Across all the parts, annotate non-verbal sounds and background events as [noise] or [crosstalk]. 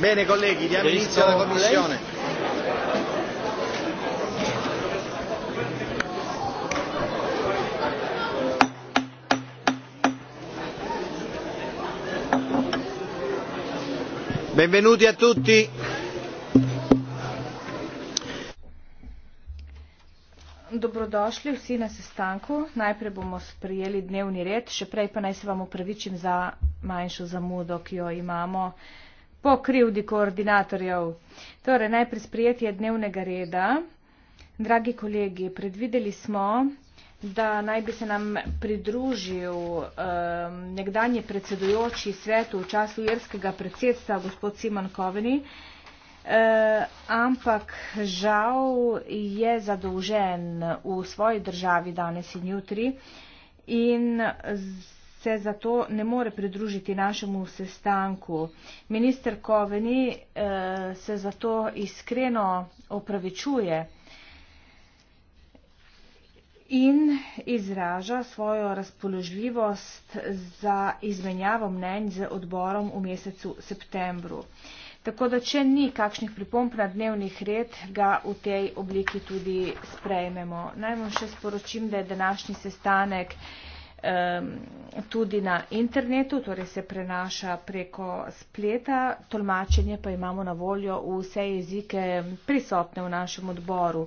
bene colleghi diamo inizio alla commissione benvenuti a tutti dobrodošli vsi na sestanku najprej bomo sprejeli dnevni red še prej pa naj se vam opravičim za manjšo zamudo ki jo imamo po krivdi koordinatorjev. Torej, najprej sprijetje dnevnega reda. Dragi kolegi, predvideli smo, da naj bi se nam pridružil um, nekdanji predsedujoči svetu v času irskega predsedstva, gospod Simon Koveni, uh, ampak žal je zadolžen v svoji državi danes in jutri in z, se zato ne more pridružiti našemu sestanku. Minister Koveni eh, se zato iskreno opravičuje in izraža svojo razpoložljivost za izmenjavo mnenj z odborom v mesecu septembru. Tako da, če ni kakšnih pripomp na dnevnih red, ga v tej obliki tudi sprejmemo. Naj vam še sporočim, da je današnji sestanek tudi na internetu, torej se prenaša preko spleta, tolmačenje pa imamo na voljo v vse jezike prisotne v našem odboru.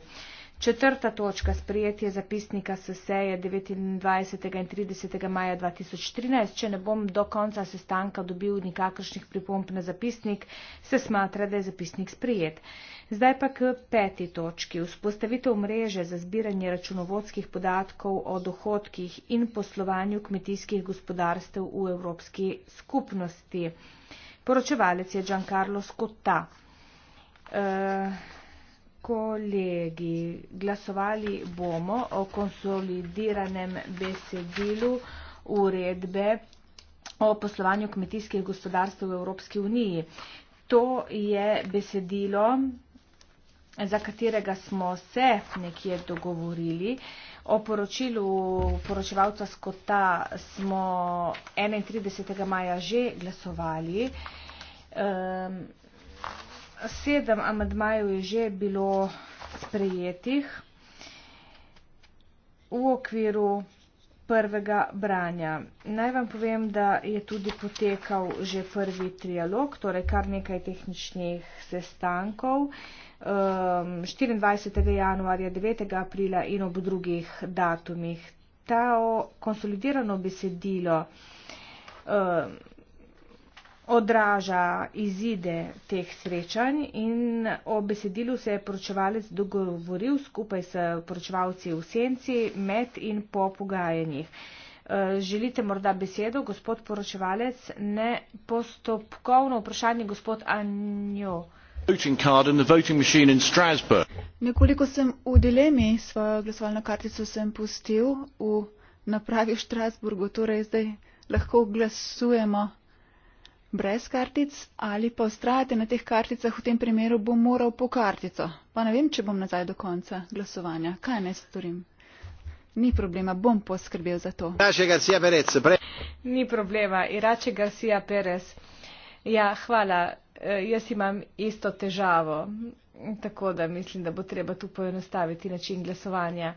Četrta točka sprijetje zapisnika se seje 29. in 30. maja 2013. Če ne bom do konca sestanka dobil nikakršnih pripomp na zapisnik, se smatra, da je zapisnik sprijet. Zdaj pa k peti točki. Vzpostavitev mreže za zbiranje računovodskih podatkov o dohodkih in poslovanju kmetijskih gospodarstev v Evropski skupnosti. Poročevalec je Giancarlo Scotta. E, kolegi, glasovali bomo o konsolidiranem besedilu uredbe o poslovanju kmetijskih gospodarstev v Evropski uniji. To je besedilo, za katerega smo se nekje dogovorili. O poročilu poročevalca Skota smo 31. maja že glasovali. Um, sedem amadmajev je že bilo sprejetih v okviru prvega branja. Naj vam povem, da je tudi potekal že prvi trialog, torej kar nekaj tehničnih sestankov. 24. Um, januarja, 9. aprila in ob drugih datumih. Ta konsolidirano besedilo um, odraža izide teh srečanj in o besedilu se je poročevalec dogovoril skupaj s poročevalci v senci med in po pogajanjih. Uh, želite morda besedo, gospod poročevalec? Ne, postopkovno vprašanje, gospod Anjo. Uh, nekoliko sem v dilemi svojo glasovalno kartico sem pustil v napravi v strasburgu torej zdaj lahko glasujemo brez kartic ali pa vztrajate na teh karticah v tem primeru bom moral po kartico pa ne vem če bom nazaj do konca glasovanja kaj naj storim ni problema bom poskrbel za to ni problema irače garcija perez ja hvala Eh, jaz imam isto težavo, tako da mislim, da bo treba tu poenostaviti način glasovanja.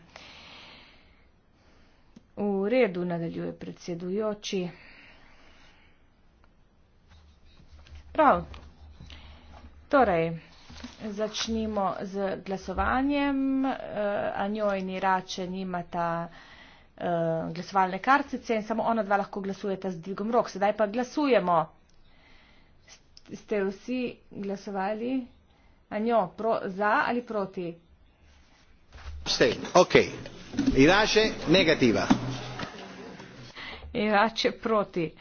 V redu nadaljuje predsedujoči. Prav. Torej, začnimo z glasovanjem. Eh, Anjoj in Irače nimata eh, glasovalne kartice in samo ona dva lahko glasujeta z dvigom rok. Sedaj pa glasujemo ste vsi glasovali anjo, pro, za ali proti? Stej, ok. Irače negativa. Irače proti.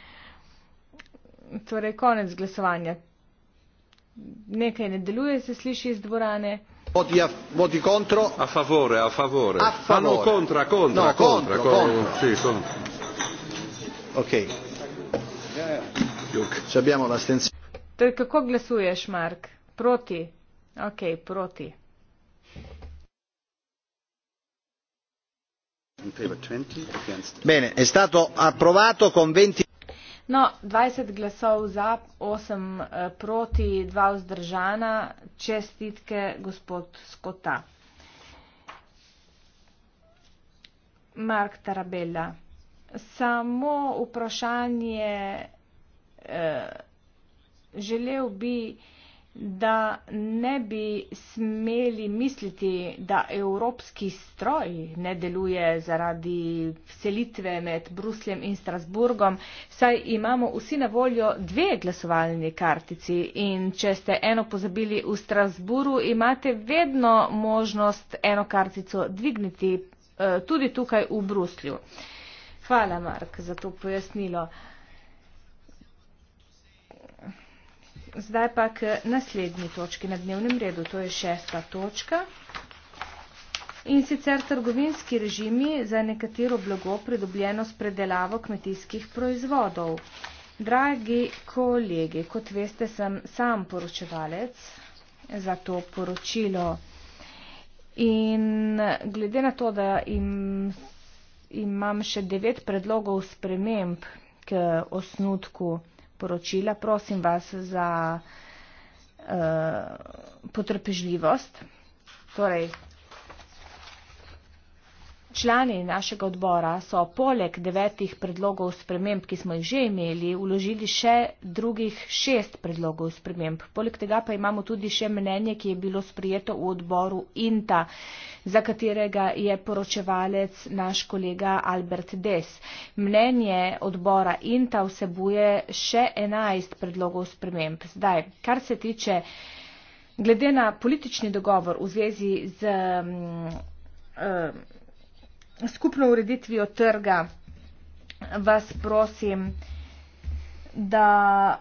Torej, konec glasovanja. Nekaj ne deluje, se sliši iz dvorane. Voti, a, voti contro? A favore, a favore. A no, favore. No, contra, contra, no, contra, contra. contra. contra. Sì, contra. Ok. Yeah, yeah. Ci abbiamo l'astensione. Torej, kako glasuješ, Mark? Proti. Ok, proti. Bene, è stato approvato con 20... No, 20 glasov za, 8 eh, proti, 2 vzdržana. Čestitke, gospod Skota. Mark Tarabella. Samo vprašanje... Eh, Želel bi, da ne bi smeli misliti, da evropski stroj ne deluje zaradi selitve med Brusljem in Strasburgom, saj imamo vsi na voljo dve glasovalni kartici in če ste eno pozabili v Strasburu, imate vedno možnost eno kartico dvigniti eh, tudi tukaj v Bruslju. Hvala, Mark, za to pojasnilo. Zdaj pa k naslednji točki na dnevnem redu, to je šesta točka. In sicer trgovinski režimi za nekatero blago pridobljeno s predelavo kmetijskih proizvodov. Dragi kolegi, kot veste, sem sam poročevalec za to poročilo. In glede na to, da im, imam še devet predlogov sprememb k osnutku, poročila. Prosim vas za uh, potrpežljivost. Torej, Člani našega odbora so poleg devetih predlogov sprememb, ki smo jih že imeli, uložili še drugih šest predlogov sprememb. Poleg tega pa imamo tudi še mnenje, ki je bilo sprijeto v odboru INTA, za katerega je poročevalec naš kolega Albert Des. Mnenje odbora INTA vsebuje še enajst predlogov sprememb. Zdaj, kar se tiče glede na politični dogovor v zvezi z. Um, skupno ureditvijo trga vas prosim, da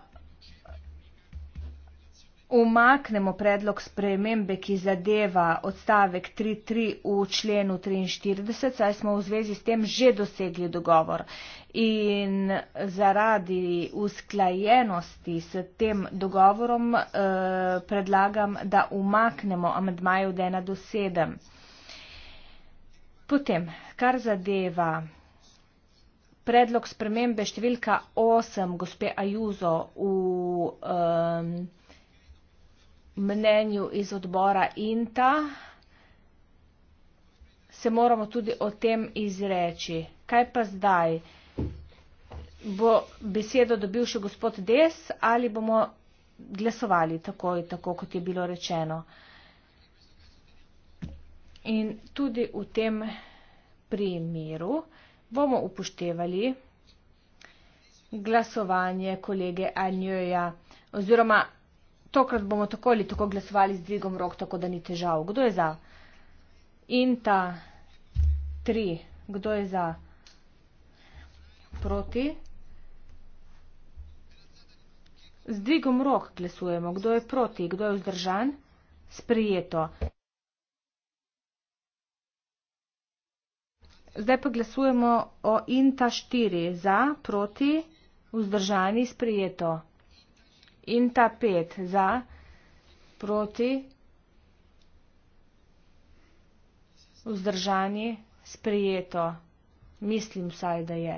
umaknemo predlog spremembe, ki zadeva odstavek 3.3 v členu 43, saj smo v zvezi s tem že dosegli dogovor. In zaradi usklajenosti s tem dogovorom eh, predlagam, da umaknemo amedmaje od 1 do 7. Potem, kar zadeva predlog spremembe številka 8 gospe Ajuzo v um, mnenju iz odbora INTA, se moramo tudi o tem izreči. Kaj pa zdaj? Bo besedo dobil še gospod Des ali bomo glasovali takoj, tako kot je bilo rečeno? Uh, In tudi v tem primeru bomo upoštevali glasovanje kolege Anjoja. Oziroma, tokrat bomo tako ali tako glasovali z dvigom rok, tako da ni težav. Kdo je za? In ta tri. Kdo je za? Proti. Z dvigom rok glasujemo. Kdo je proti? Kdo je vzdržan? Sprijeto. Zdaj pa glasujemo o INTA 4 za, proti, vzdržani, sprijeto. INTA 5 za, proti, vzdržani, sprijeto. Mislim vsaj, da je.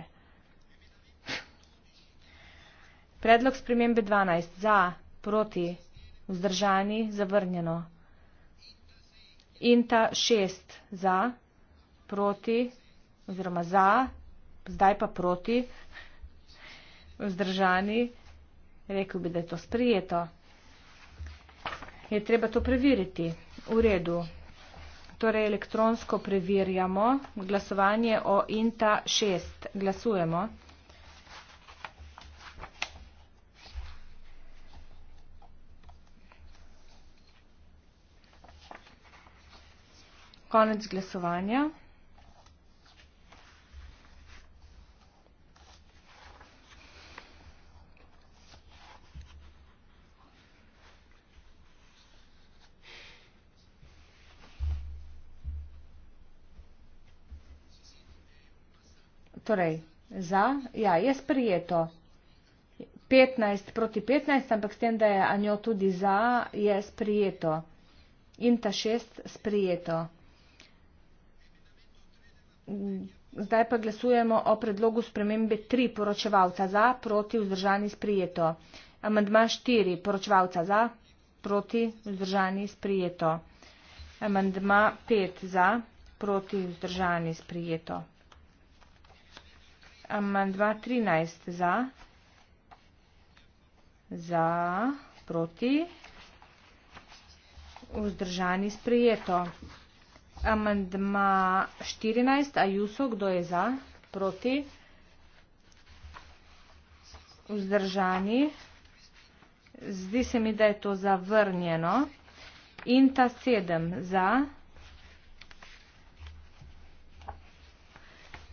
[laughs] Predlog spremembe 12 za, proti, vzdržani, zavrnjeno. INTA 6 za, proti, vzdržani oziroma za, zdaj pa proti, vzdržani, rekel bi, da je to sprijeto. Je treba to preveriti. V redu. Torej elektronsko preverjamo glasovanje o INTA 6. Glasujemo. Konec glasovanja. torej za, ja, je sprijeto. 15 proti 15, ampak s tem, da je anjo tudi za, je sprijeto. In ta šest sprijeto. Zdaj pa glasujemo o predlogu spremembe 3 poročevalca za, proti vzdržani sprijeto. Amandma 4 poročevalca za, proti vzdržani sprijeto. Amandma 5 za, proti vzdržani sprijeto. Amandma 13 za. Za. Proti. Vzdržani sprejeto. Amandma 14. Ajuso, kdo je za? Proti. Vzdržani. Zdi se mi, da je to zavrnjeno. Inta 7 za. Proti.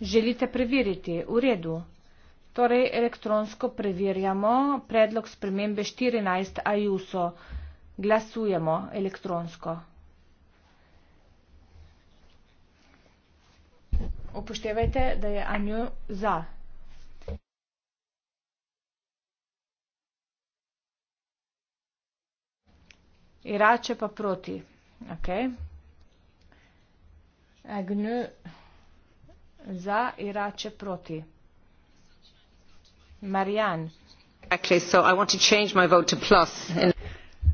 Želite preveriti? V redu. Torej, elektronsko preverjamo predlog spremembe 14 AJUSO. Glasujemo elektronsko. Upoštevajte, da je Anju za. Irače pa proti. Okay. Agnu za i rače proti. Marjan.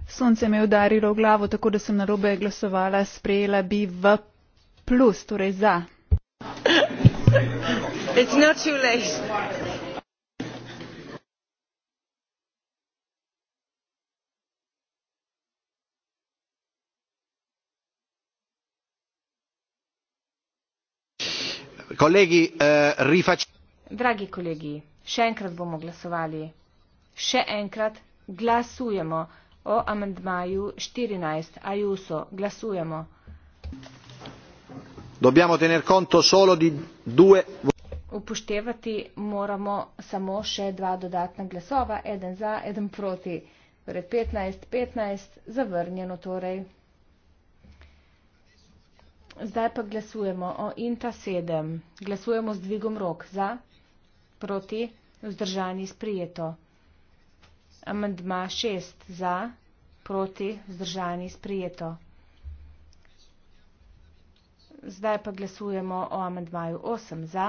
Sonce me je udarilo v glavo, tako da sem na robe glasovala, sprejela bi v plus, torej za. It's not too late. Eh, dragi kolegi še enkrat bomo glasovali še enkrat glasujemo o amandmaju štirinajst ajuso glasujemo dobbiamo tener conto solo di due upoštevati moramo samo še dva dodatna glasova eden za eden proti torej petnajst petnajst zavrnjeno torej Zdaj pa glasujemo o INTA 7. Glasujemo z dvigom rok za, proti, vzdržani, sprijeto. Amendma 6 za, proti, vzdržani, sprijeto. Zdaj pa glasujemo o amendmaju 8 za,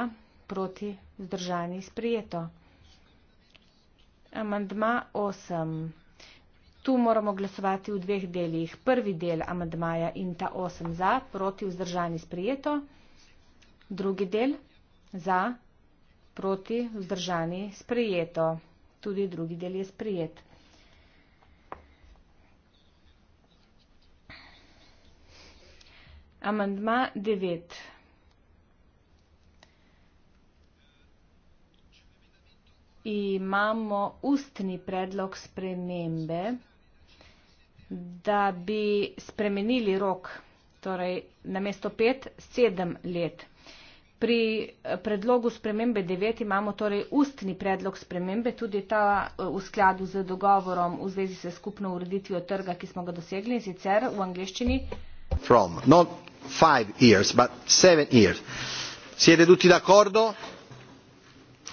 proti, vzdržani, sprijeto. Amendma 8. Tu moramo glasovati v dveh delih. Prvi del amadmaja in ta 8 za, proti vzdržani sprijeto. Drugi del za, proti vzdržani sprijeto. Tudi drugi del je sprijet. Amandma 9. Imamo ustni predlog spremembe da bi spremenili rok, torej namesto pet, sedem let. Pri eh, predlogu spremembe 9 imamo torej ustni predlog spremembe, tudi ta eh, v skladu z dogovorom v zvezi se skupno ureditvijo trga, ki smo ga dosegli in sicer v angliščini. From, not five years, but seven years. Siete tutti d'accordo?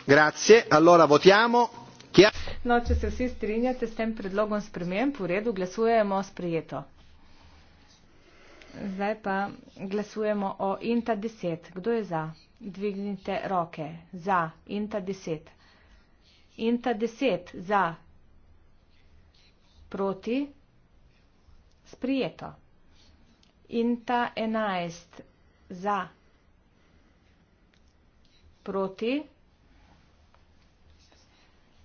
Grazie. Allora votiamo. No, če se vsi strinjate s tem predlogom sprememb, v redu, glasujemo sprejeto. Zdaj pa glasujemo o INTA 10. Kdo je za? Dvignite roke. Za INTA 10. INTA 10 za. Proti. Sprijeto. INTA 11 za. Proti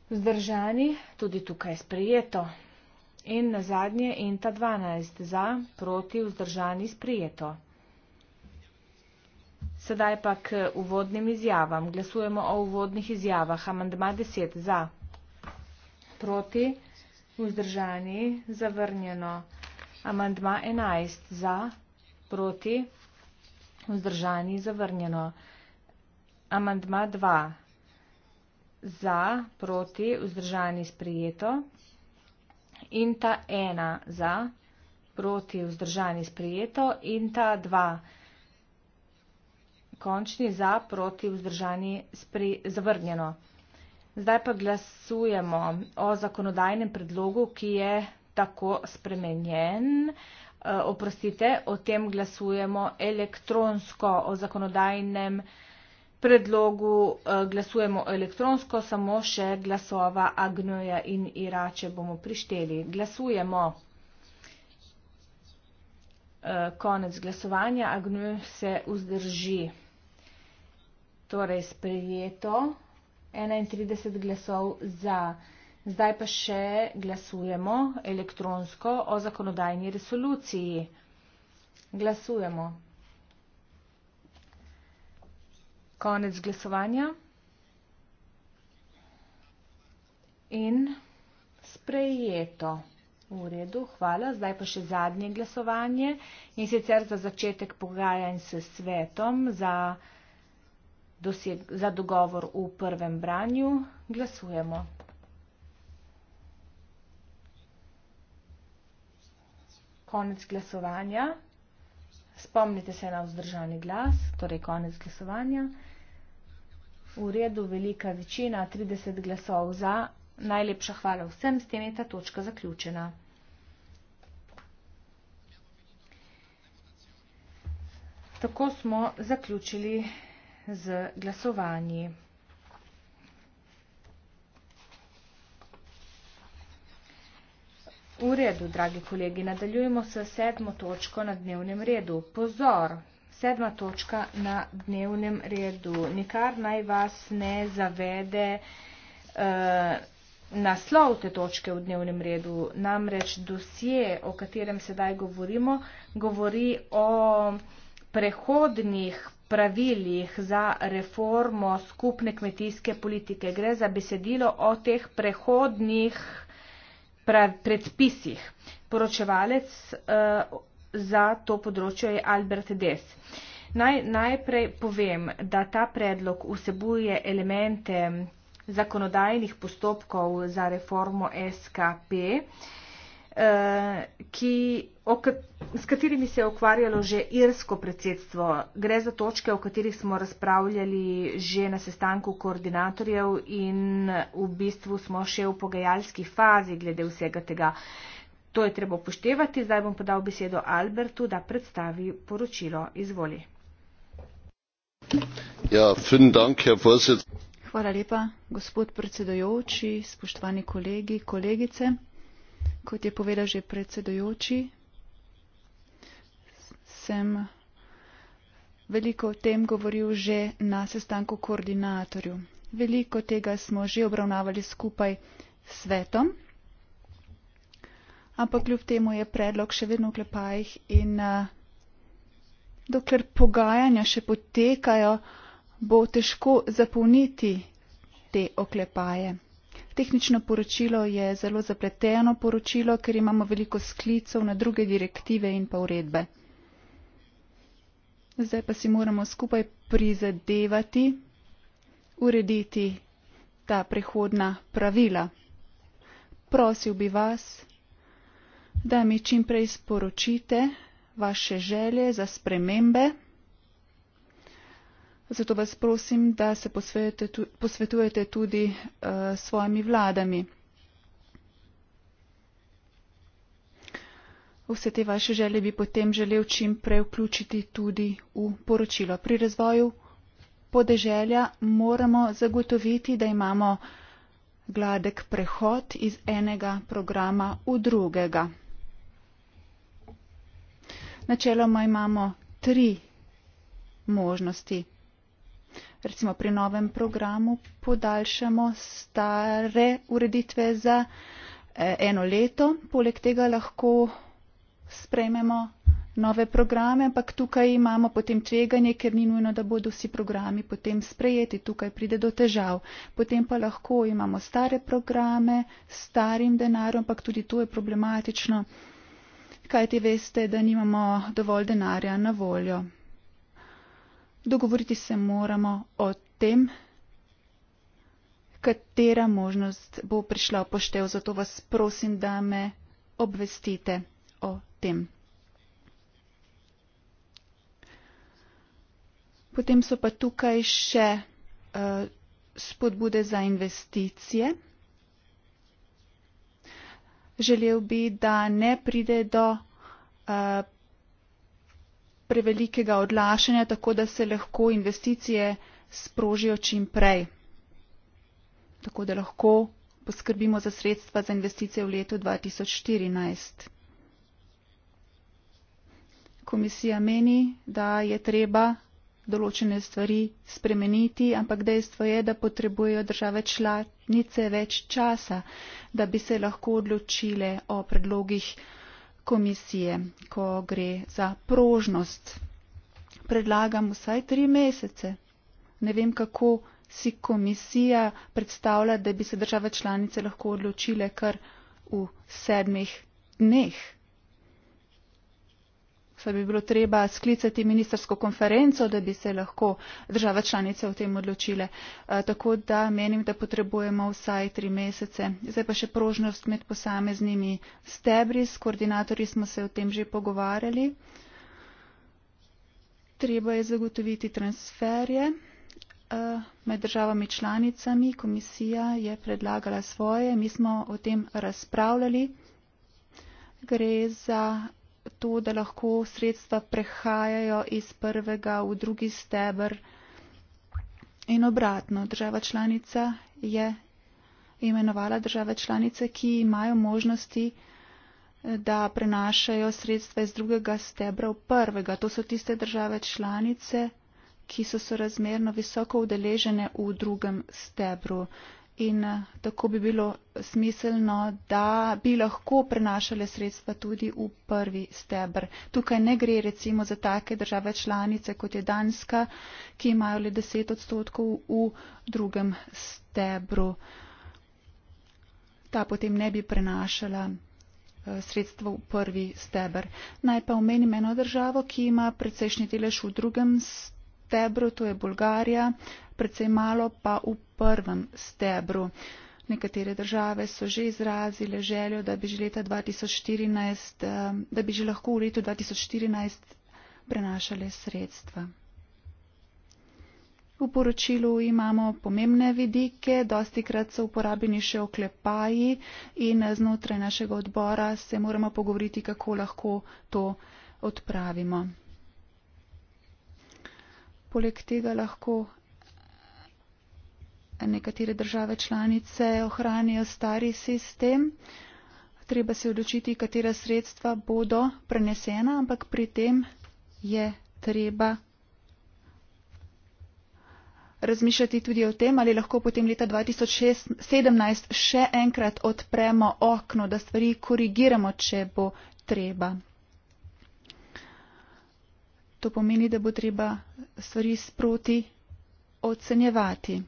vzdržani, tudi tukaj sprijeto. In na zadnje enta 12 za, proti, vzdržani, sprijeto. Sedaj pa k uvodnim izjavam. Glasujemo o uvodnih izjavah. Amandma 10 za, proti, vzdržani, zavrnjeno. Amandma 11 za, proti, vzdržani, zavrnjeno. Amandma 2 za, proti, vzdržani, sprijeto in ta ena za, proti, vzdržani, sprijeto in ta dva končni za, proti, vzdržani, spri, zavrnjeno. Zdaj pa glasujemo o zakonodajnem predlogu, ki je tako spremenjen. E, oprostite, o tem glasujemo elektronsko, o zakonodajnem predlogu predlogu eh, glasujemo elektronsko, samo še glasova Agnoja in Irače bomo prišteli. Glasujemo. Eh, konec glasovanja. Agnoj se vzdrži. Torej, sprejeto. 31 glasov za. Zdaj pa še glasujemo elektronsko o zakonodajni resoluciji. Glasujemo. konec glasovanja in sprejeto. V redu, hvala. Zdaj pa še zadnje glasovanje in sicer za začetek pogajanj s svetom za, doseg, za dogovor v prvem branju. Glasujemo. Konec glasovanja. Spomnite se na vzdržani glas, torej konec glasovanja. V redu, velika večina, 30 glasov za. Najlepša hvala vsem, s tem je ta točka zaključena. Tako smo zaključili z glasovanji. V redu, dragi kolegi, nadaljujemo s sedmo točko na dnevnem redu. Pozor, sedma točka na dnevnem redu. Nikar naj vas ne zavede uh, naslov te točke v dnevnem redu, namreč dosje, o katerem sedaj govorimo, govori o prehodnih pravilih za reformo skupne kmetijske politike. Gre za besedilo o teh prehodnih predpisih. Poročevalec uh, za to področje je Albert Des. Naj, najprej povem, da ta predlog vsebuje elemente zakonodajnih postopkov za reformo SKP, eh, ki, ok, s katerimi se je ukvarjalo že irsko predsedstvo. Gre za točke, o katerih smo razpravljali že na sestanku koordinatorjev in v bistvu smo še v pogajalski fazi glede vsega tega. To je treba upoštevati. Zdaj bom podal besedo Albertu, da predstavi poročilo. Izvoli. Ja, dank, Hvala lepa, gospod predsedojoči, spoštovani kolegi, kolegice. Kot je povedal že predsedojoči, sem veliko o tem govoril že na sestanku koordinatorju. Veliko tega smo že obravnavali skupaj s svetom ampak kljub temu je predlog še vedno v klepajih in eh, dokler pogajanja še potekajo, bo težko zapolniti te oklepaje. Tehnično poročilo je zelo zapleteno poročilo, ker imamo veliko sklicov na druge direktive in pa uredbe. Zdaj pa si moramo skupaj prizadevati, urediti ta prehodna pravila. Prosil bi vas, da mi čim prej sporočite vaše želje za spremembe. Zato vas prosim, da se posvetujete tudi s uh, eh, svojimi vladami. Vse te vaše želje bi potem želel čim prej vključiti tudi v poročilo. Pri razvoju podeželja moramo zagotoviti, da imamo gladek prehod iz enega programa v drugega načeloma imamo tri možnosti. Recimo pri novem programu podaljšamo stare ureditve za eh, eno leto, poleg tega lahko sprejmemo nove programe, ampak tukaj imamo potem tveganje, ker ni nujno, da bodo vsi programi potem sprejeti, tukaj pride do težav. Potem pa lahko imamo stare programe s starim denarjem, ampak tudi to je problematično kajti veste, da nimamo dovolj denarja na voljo. Dogovoriti se moramo o tem, katera možnost bo prišla v poštev, zato vas prosim, da me obvestite o tem. Potem so pa tukaj še uh, spodbude za investicije želel bi, da ne pride do uh, prevelikega odlašanja, tako da se lahko investicije sprožijo čim prej. Tako da lahko poskrbimo za sredstva za investicije v letu 2014. Komisija meni, da je treba določene stvari spremeniti, ampak dejstvo je, da potrebujejo države članice več časa, da bi se lahko odločile o predlogih komisije, ko gre za prožnost. Predlagam vsaj tri mesece. Ne vem, kako si komisija predstavlja, da bi se države članice lahko odločile kar v sedmih dneh se bi bilo treba sklicati ministersko konferenco, da bi se lahko države članice o tem odločile. Tako da menim, da potrebujemo vsaj tri mesece. Zdaj pa še prožnost med posameznimi stebri, s koordinatorji smo se o tem že pogovarjali. Treba je zagotoviti transferje med državami članicami. Komisija je predlagala svoje, mi smo o tem razpravljali. Gre za to, da lahko sredstva prehajajo iz prvega v drugi stebr in obratno. Država članica je imenovala države članice, ki imajo možnosti, da prenašajo sredstva iz drugega stebra v prvega. To so tiste države članice, ki so sorazmerno visoko udeležene v drugem stebru in eh, tako bi bilo smiselno, da bi lahko prenašale sredstva tudi v prvi stebr. Tukaj ne gre recimo za take države članice, kot je Danska, ki imajo le 10 odstotkov v drugem stebru. Ta potem ne bi prenašala eh, sredstvo v prvi stebr. Naj pa omenim eno državo, ki ima precejšnji delež v drugem stebru, to je Bolgarija, predvsej malo pa v prvem stebru. Nekatere države so že izrazile željo, da bi že, leta 2014, eh, da bi že lahko v letu 2014 prenašale sredstva. V poročilu imamo pomembne vidike, dosti krat so uporabljeni še oklepaji in znotraj našega odbora se moramo pogovoriti, kako lahko to odpravimo. Poleg tega lahko nekatere države članice ohranijo stari sistem. Treba se odločiti, katera sredstva bodo prenesena, ampak pri tem je treba razmišljati tudi o tem, ali lahko potem leta 2017 še enkrat odpremo okno, da stvari korigiramo, če bo treba. To pomeni, da bo treba stvari sproti ocenjevati.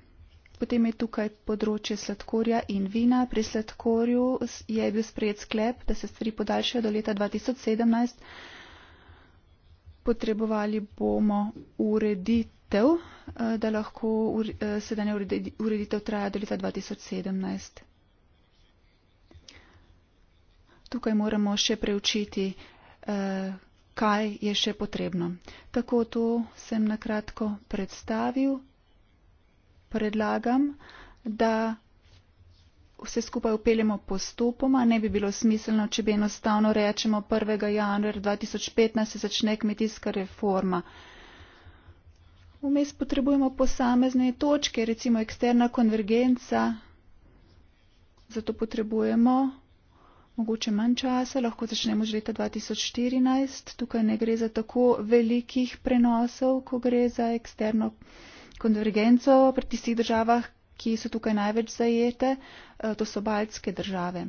Potem je tukaj področje sladkorja in vina. Pri sladkorju je bil sprejet sklep, da se stvari podaljšajo do leta 2017. Potrebovali bomo ureditev, eh, da lahko eh, sedanja ureditev traja do leta 2017. Tukaj moramo še preučiti, eh, kaj je še potrebno. Tako to sem nakratko predstavil predlagam, da vse skupaj upeljemo postopoma. Ne bi bilo smiselno, če bi enostavno rečemo 1. januar 2015 se začne kmetijska reforma. Vmes potrebujemo posamezne točke, recimo eksterna konvergenca. Zato potrebujemo mogoče manj časa, lahko začnemo že leta 2014. Tukaj ne gre za tako velikih prenosov, ko gre za eksterno konvergenco konvergenco pri tistih državah, ki so tukaj največ zajete, eh, to so baltske države.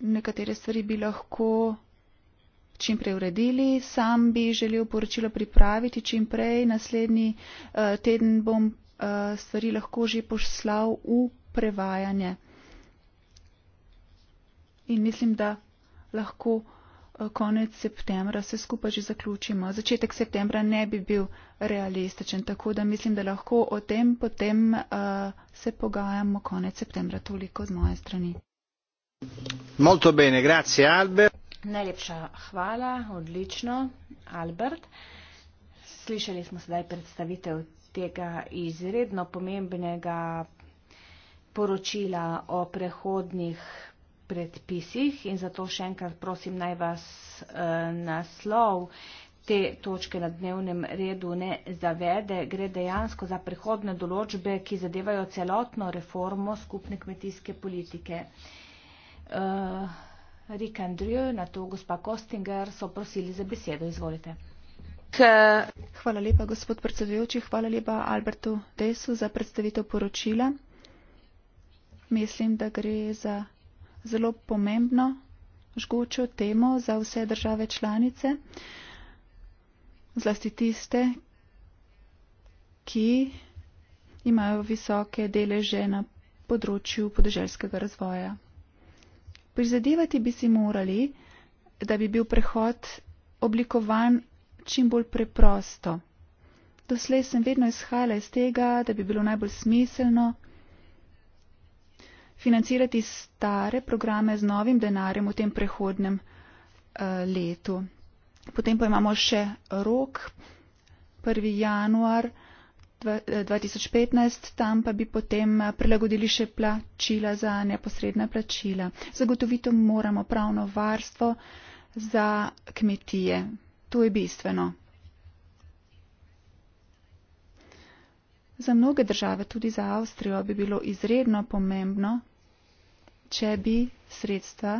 Nekatere stvari bi lahko čim prej uredili. Sam bi želel poročilo pripraviti čim prej. Naslednji uh, teden bom uh, stvari lahko že poslal v prevajanje. In mislim, da lahko eh, konec septembra se skupaj že zaključimo. Začetek septembra ne bi bil realističen, tako da mislim, da lahko o tem potem uh, se pogajamo konec septembra. Toliko z moje strani. Molto bene, grazie Albert. Najlepša hvala, odlično, Albert. Slišali smo sedaj predstavitev tega izredno pomembnega poročila o prehodnih predpisih in zato še enkrat prosim naj vas eh, naslov te točke na dnevnem redu ne zavede. Gre dejansko za prihodne določbe, ki zadevajo celotno reformo skupne kmetijske politike. Eh, Rik Andrijo, na to gospa Kostinger, so prosili za besedo. Izvolite. Hvala lepa, gospod predsedujoči. Hvala lepa Albertu Desu za predstavitev poročila. Mislim, da gre za zelo pomembno, žgočo temo za vse države članice, zlasti tiste, ki imajo visoke deleže na področju podeželskega razvoja. Prizadevati bi si morali, da bi bil prehod oblikovan čim bolj preprosto. Doslej sem vedno izhajala iz tega, da bi bilo najbolj smiselno, financirati stare programe z novim denarjem v tem prehodnem uh, letu. Potem pa imamo še rok, 1. januar 2015, eh, tam pa bi potem eh, prilagodili še plačila za neposredna plačila. Zagotovito moramo pravno varstvo za kmetije. To je bistveno. Za mnoge države, tudi za Avstrijo, bi bilo izredno pomembno če bi sredstva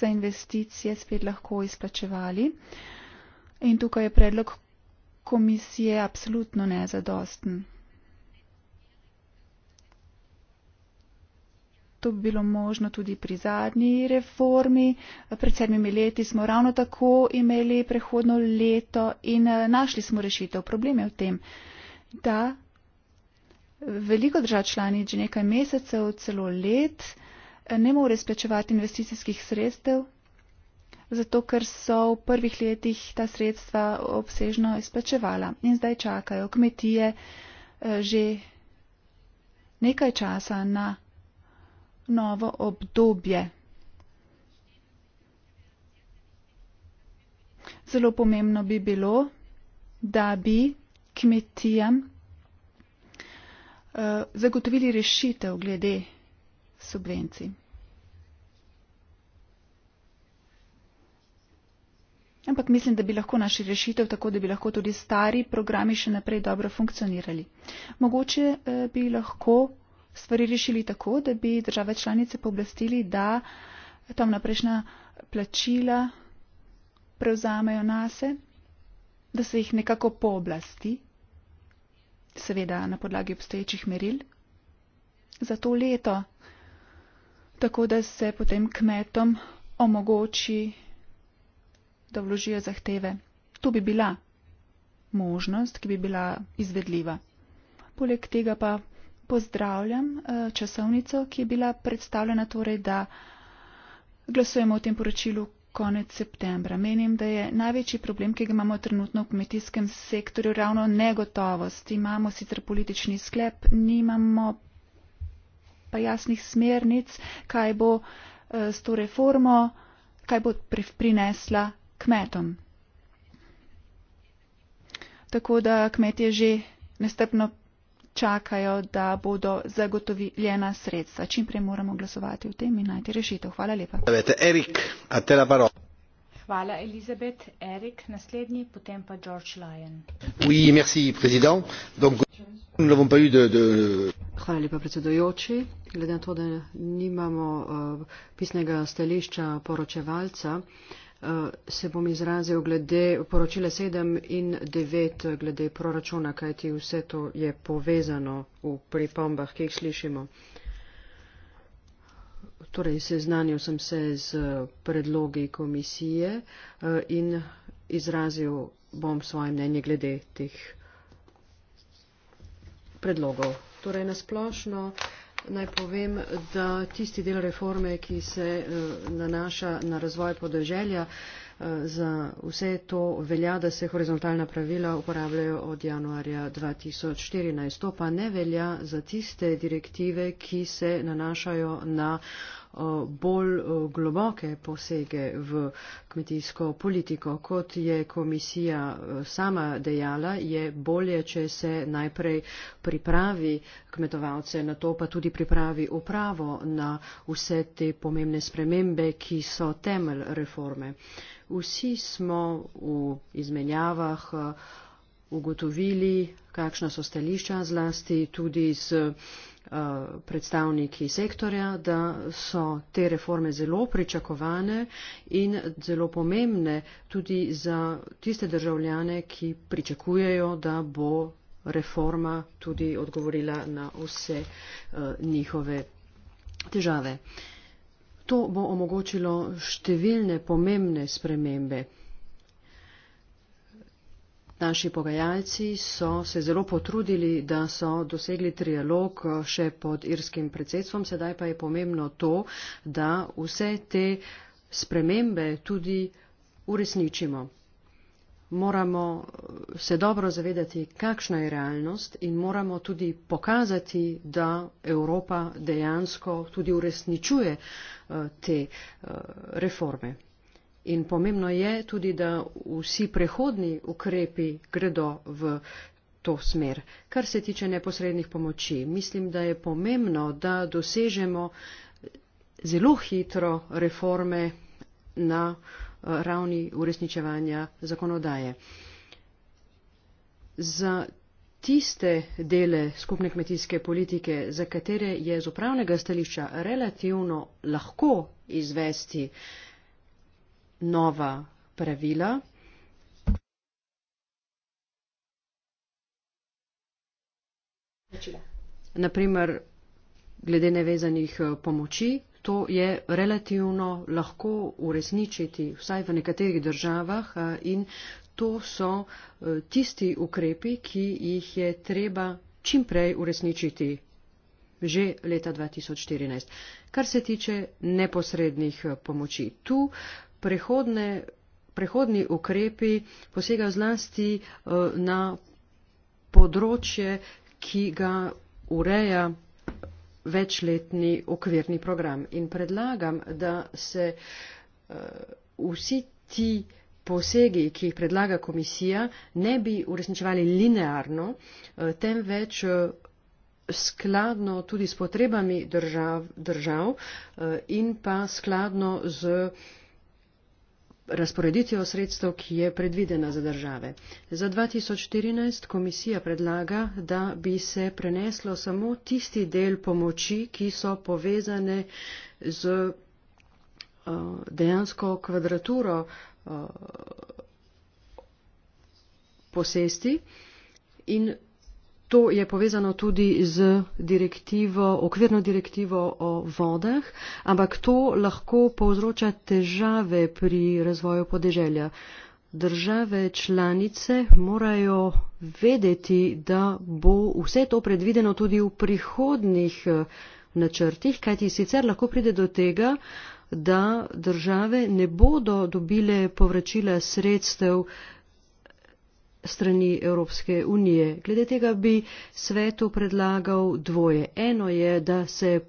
za investicije spet lahko izplačevali. In tukaj je predlog komisije absolutno nezadosten. To bi bilo možno tudi pri zadnji reformi. Pred sedmimi leti smo ravno tako imeli prehodno leto in eh, našli smo rešitev. Problem je v tem, da veliko držav članic že nekaj mesecev, celo let, uh, ne more splačevati investicijskih sredstev, zato ker so v prvih letih ta sredstva obsežno izplačevala in zdaj čakajo kmetije eh, že nekaj časa na novo obdobje. Zelo pomembno bi bilo, da bi kmetijam uh, zagotovili rešitev glede subvencij. Ampak mislim, da bi lahko naši rešitev tako, da bi lahko tudi stari programi še naprej dobro funkcionirali. Mogoče eh, bi lahko stvari rešili tako, da bi države članice pooblastili, da tam naprejšnja plačila prevzamejo nase, da se jih nekako pooblasti, seveda na podlagi obstoječih meril. Za to leto tako da se potem kmetom omogoči, da vložijo zahteve. To bi bila možnost, ki bi bila izvedljiva. Poleg tega pa pozdravljam eh, časovnico, ki je bila predstavljena, torej da glasujemo o tem poročilu konec septembra. Menim, da je največji problem, ki ga imamo trenutno v kmetijskem sektorju, ravno negotovost. Imamo sicer politični sklep, nimamo pa jasnih smernic, kaj bo eh, s to reformo, kaj bo prinesla kmetom. Tako da kmetje že nestrpno čakajo, da bodo zagotovljena sredstva. Čim prej moramo glasovati o tem in najti rešitev. Hvala lepa. Erik, a te la parola. Hvala, Elizabeth. Erik, naslednji, potem pa George Lyon. Oui, merci, président. Donc, nous pas eu de, de... Hvala lepa, predsedojoči. Glede na to, da nimamo uh, pisnega stališča poročevalca, uh, se bom izrazil glede poročila 7 in 9 eh, glede proračuna, kajti vse to je povezano v pripombah, ki jih slišimo. Uh, torej seznanil sem se z eh, predlogi komisije eh, in izrazil bom svoje mnenje glede teh predlogov. Torej nasplošno naj povem, da tisti del reforme, ki se eh, nanaša na razvoj podeželja, za vse to velja, da se horizontalna pravila uporabljajo od januarja 2014. To pa ne velja za tiste direktive, ki se nanašajo na. Eh, bolj eh, globoke posege v kmetijsko politiko. Kot je komisija eh, sama dejala, je bolje, če se najprej pripravi kmetovalce na to, pa tudi pripravi upravo na vse te pomembne spremembe, ki so temelj reforme. Vsi smo v izmenjavah ugotovili, kakšna so stališča zlasti tudi z Eh, predstavniki sektorja, da so te reforme zelo pričakovane in zelo pomembne tudi za tiste državljane, ki pričakujejo, da bo reforma tudi odgovorila na vse eh, njihove težave. To bo omogočilo številne pomembne spremembe. Naši pogajalci so se zelo potrudili, da so dosegli trialog eh, še pod irskim predsedstvom, sedaj pa je pomembno to, da vse te spremembe tudi uresničimo. Moramo eh, se dobro zavedati, kakšna je realnost in moramo tudi pokazati, da Evropa dejansko tudi uresničuje eh, te reforme. In pomembno je tudi, da vsi prehodni ukrepi gredo v to smer. Kar se tiče neposrednih pomoči, mislim, da je pomembno, da dosežemo zelo hitro reforme na eh, ravni uresničevanja zakonodaje. Za tiste dele skupne kmetijske politike, za katere je z upravnega stališča relativno lahko izvesti uh, nova pravila. Naprimer, glede nevezanih eh, pomoči, to je relativno lahko uresničiti vsaj v nekaterih državah eh, in to so eh, tisti ukrepi, ki jih je treba čim prej uresničiti že leta 2014. Kar se tiče neposrednih pomoči, tu prehodne, prehodni ukrepi posegajo zlasti eh, na področje, ki ga ureja večletni okvirni program. In predlagam, da se eh, vsi ti posegi, ki jih predlaga komisija, ne bi uresničevali linearno, eh, temveč skladno tudi s potrebami držav, držav in pa skladno z uh, razporeditev sredstev, ki je predvidena za države. Za 2014 komisija predlaga, da bi se preneslo samo tisti del pomoči, ki so povezane z uh, dejansko kvadraturo uh, posesti in To je povezano tudi z direktivo, okvirno direktivo o vodah, ampak to lahko povzroča težave pri razvoju podeželja. Države članice morajo vedeti, da bo vse to predvideno tudi v prihodnih eh, načrtih, kajti sicer lahko pride do tega, da države ne bodo dobile povračila sredstev strani Evropske unije. Glede tega bi svetu predlagal dvoje. Eno je, da se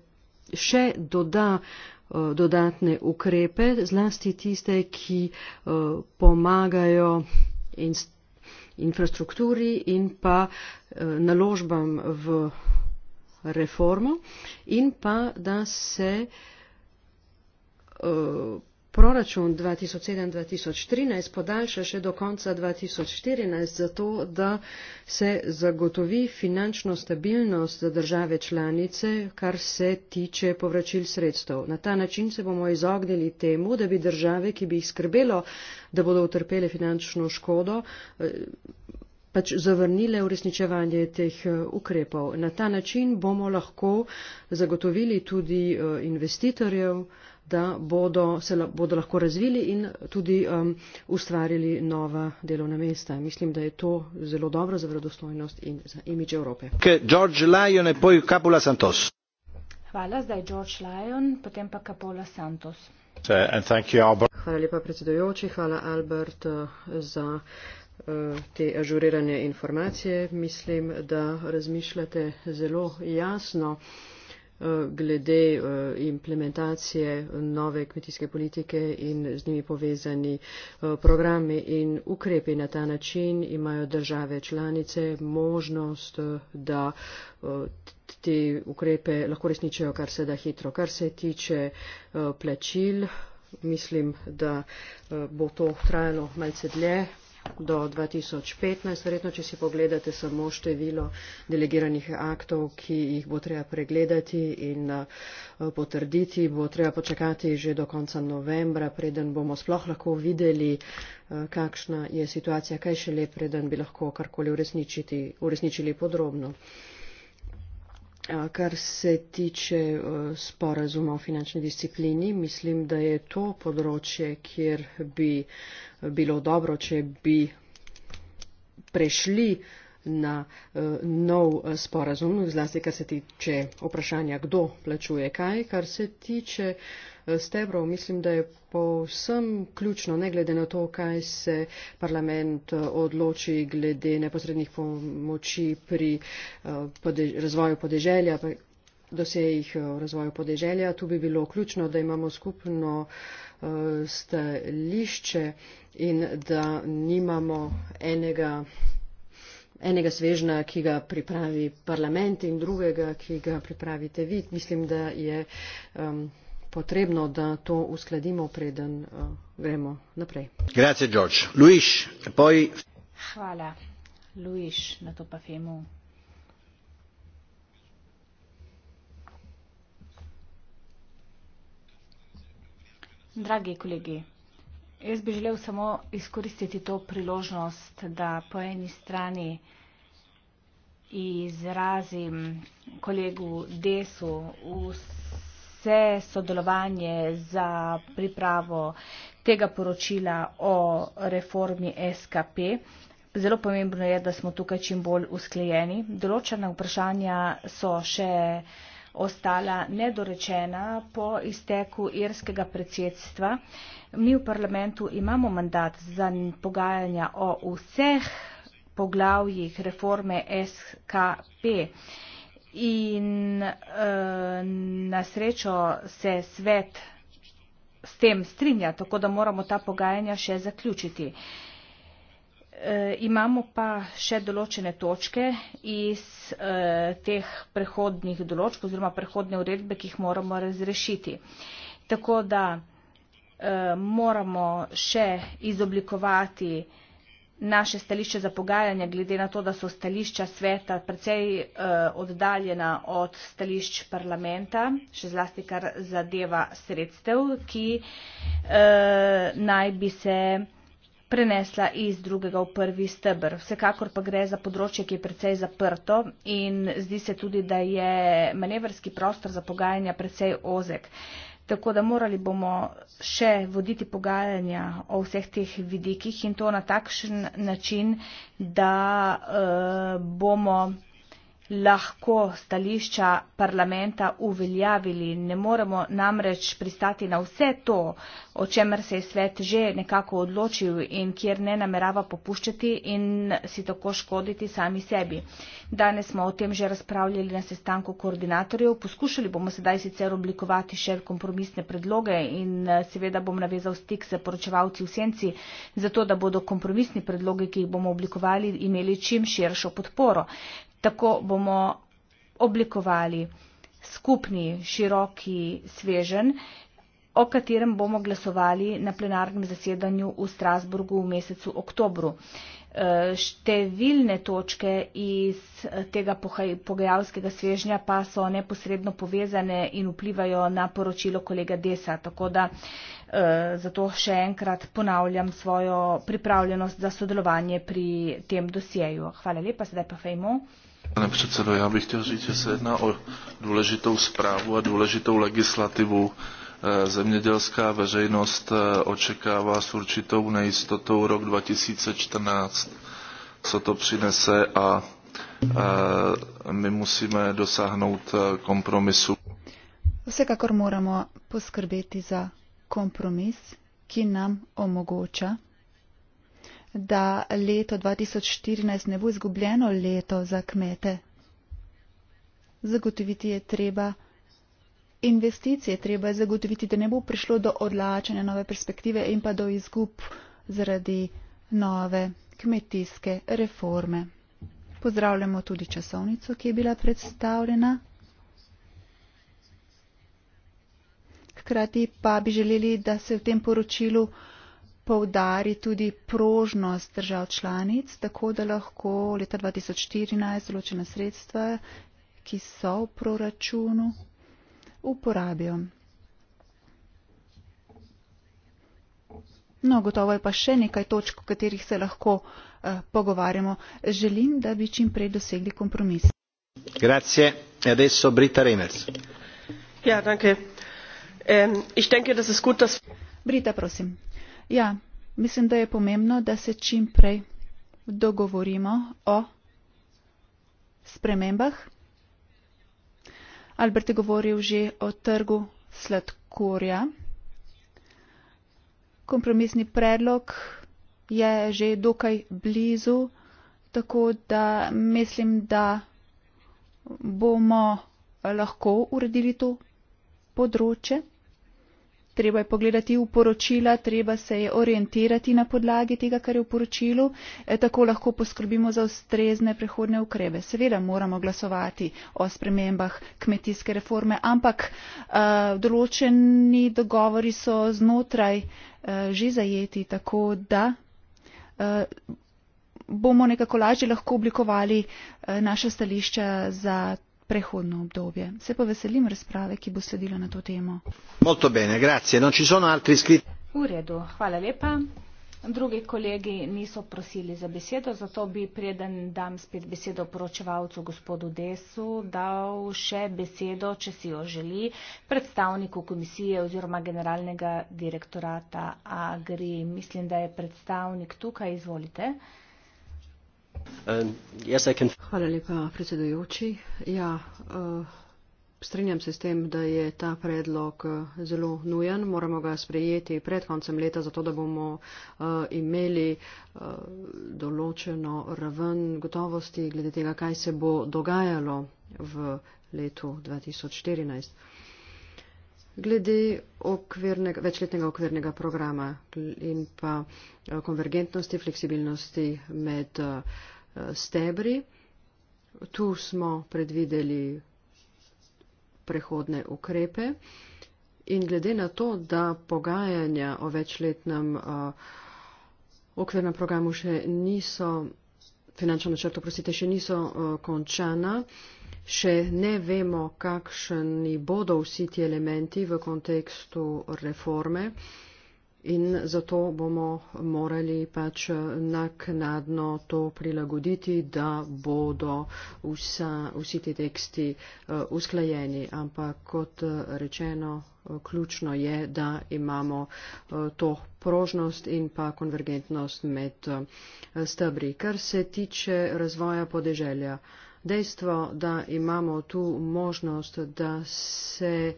še doda eh, dodatne ukrepe, zlasti tiste, ki eh, pomagajo in infrastrukturi in pa eh, naložbam v reformo in pa da se proračun 2007-2013 podaljša še do konca 2014, zato da se zagotovi finančno stabilnost za države članice, kar se tiče povračil sredstev. Na ta način se bomo izognili temu, da bi države, ki bi jih skrbelo, da bodo utrpele finančno škodo, eh, pač zavrnile uresničevanje teh eh, ukrepov. Na ta način bomo lahko zagotovili tudi eh, investitorjev, da bodo, se la, bodo lahko razvili in tudi um, ustvarili nova delovna mesta. Mislim, da je to zelo dobro za vredostojnost in za imidž Evrope. Hvala, zdaj George Lyon, potem pa Capola Santos. Uh, hvala lepa predsedojoči, hvala Albert uh, za uh, te ažurirane informacije. Mislim, da razmišljate zelo jasno glede eh, implementacije nove kmetijske politike in z njimi povezani eh, programi in ukrepi na ta način imajo države članice možnost, eh, da te ukrepe lahko resničijo kar se da hitro. Kar se tiče plačil, mislim, da bo to trajalo malce dlje do 2015. Verjetno, če si pogledate samo število delegiranih aktov, ki jih bo treba pregledati in eh, potrditi, bo treba počakati že do konca novembra, preden bomo sploh lahko videli, eh, kakšna je situacija, kaj še le, preden bi lahko karkoli uresničili podrobno. Kar se tiče e, sporazuma o finančni disciplini, mislim, da je to področje, kjer bi bilo dobro, če bi prešli uh, na uh, nov eh, sporazum, zlasti kar se tiče vprašanja, kdo plačuje kaj. Kar se tiče uh, stebrov, mislim, da je povsem ključno, ne glede na to, kaj se parlament uh, odloči glede neposrednih pomoči pri uh, pode, razvoju podeželja, dosejih uh, razvoju podeželja. Tu bi bilo ključno, da imamo skupno uh, stališče in da nimamo enega enega svežnja ki ga pripravi parlament in drugega ki ga pripravite vi mislim da je um, potrebno da to uskladimo preden uh, gremo naprej. dragi kolegi Jaz bi želel samo izkoristiti to priložnost, da po eni strani izrazim kolegu Desu vse sodelovanje za pripravo tega poročila o reformi SKP. Zelo pomembno je, da smo tukaj čim bolj usklejeni. Določena vprašanja so še ostala nedorečena po izteku irskega predsedstva. Mi v parlamentu imamo mandat za pogajanja o vseh poglavjih reforme SKP in e, na srečo se svet s tem strinja, tako da moramo ta pogajanja še zaključiti. E, Eh, imamo pa še določene točke iz eh, teh prehodnih določb oziroma prehodne uredbe, ki jih moramo razrešiti. Tako da eh, moramo še izoblikovati naše stališče za pogajanje, glede na to, da so stališča sveta precej oddaljena od stališč parlamenta, še zlasti kar zadeva sredstev, ki naj bi se prenesla iz drugega v prvi stebr. Vsekakor pa gre za področje, ki je precej zaprto in zdi se tudi, da je manevrski prostor za pogajanja precej ozek. Tako da morali bomo še voditi pogajanja o vseh teh vidikih in to na takšen način, da uh, bomo lahko stališča parlamenta uveljavili. Ne moremo namreč pristati na vse to, o čemer se je svet že nekako odločil in kjer ne namerava popuščati in si tako škoditi sami sebi. Danes smo o tem že razpravljali na sestanku koordinatorjev. Poskušali bomo sedaj sicer oblikovati še kompromisne predloge in eh, seveda bom navezal stik s poročevalci v senci, zato da bodo kompromisni predloge, ki jih bomo oblikovali, imeli čim širšo podporo. Tako bomo oblikovali skupni široki svežen, o katerem bomo glasovali na plenarnem zasedanju v Strasburgu v mesecu oktobru. E, številne točke iz tega pogajalskega svežnja pa so neposredno povezane in vplivajo na poročilo kolega Desa, tako da e, zato še enkrat ponavljam svojo pripravljenost za sodelovanje pri tem dosjeju. Hvala lepa, sedaj pa fejmo. Pane předsedo, já bych chtěl říct, že se jedná o důležitou zprávu a důležitou legislativu. Eh, zemědělská veřejnost eh, očekává s určitou nejistotou rok 2014, co to přinese a eh, my musíme dosáhnout kompromisu. Vsekakor moramo poskrbeti za kompromis, ki nam omogoča da leto 2014 ne bo izgubljeno leto za kmete. Zagotoviti je treba investicije, treba je zagotoviti, da ne bo prišlo do odlačanja nove perspektive in pa do izgub zaradi nove kmetijske reforme. Pozdravljamo tudi časovnico, ki je bila predstavljena. Hkrati pa bi želeli, da se v tem poročilu poudari tudi prožnost držav članic, tako da lahko leta 2014 določena sredstva, ki so v proračunu, uporabijo. No, gotovo je pa še nekaj točk, o katerih se lahko uh, pogovarjamo. Želim, da bi čim prej dosegli kompromis. Grazie. Adesso Brita Remers. Ja, danke. Um, ich denke, das ist gut, dass... Brita, prosim. Ja, mislim, da je pomembno, da se čim prej dogovorimo o spremembah. Albert je govoril že o trgu sladkorja. Kompromisni predlog je že dokaj blizu, tako da mislim, da bomo lahko uredili to področje treba je pogledati v poročila, treba se je orientirati na podlagi tega, kar je v poročilu, e, tako lahko poskrbimo za ustrezne prehodne ukrebe. Seveda moramo glasovati o spremembah kmetijske reforme, ampak e, določeni dogovori so znotraj e, že zajeti, tako da. E, bomo nekako lažje lahko oblikovali e, naša stališča za prehodno obdobje. Se pa veselim razprave, ki bo sledila na to temo. Molto bene, grazie. Non ci sono altri iskriti. V redu, hvala lepa. Drugi kolegi niso prosili za besedo, zato bi preden dam spet besedo poročevalcu gospodu Desu, dal še besedo, če si jo želi, predstavniku komisije oziroma generalnega direktorata Agri. Mislim, da je predstavnik tukaj, izvolite. Uh, Um, Hvala lepa, predsedujoči. Ja, uh, strinjam se s tem, da je ta predlog uh, zelo nujen. Moramo ga sprejeti pred koncem leta, zato da bomo uh, imeli določeno raven gotovosti glede tega, kaj se bo dogajalo v letu 2014 glede okvirnega, večletnega okvirnega programa in pa eh, konvergentnosti, fleksibilnosti med eh, stebri. Tu smo predvideli prehodne ukrepe in glede na to, da pogajanja o večletnem eh, okvirnem programu še niso finančnem načrtu, prosite, še niso eh, končana. Še ne vemo, kakšni bodo vsi ti elementi v kontekstu reforme in zato bomo morali pač naknadno to prilagoditi, da bodo vsa, vsi ti teksti eh, usklajeni. Ampak kot eh, rečeno, eh, ključno je, da imamo to prožnost in pa konvergentnost med stebri. Kar se tiče razvoja podeželja, dejstvo, da imamo tu možnost, da se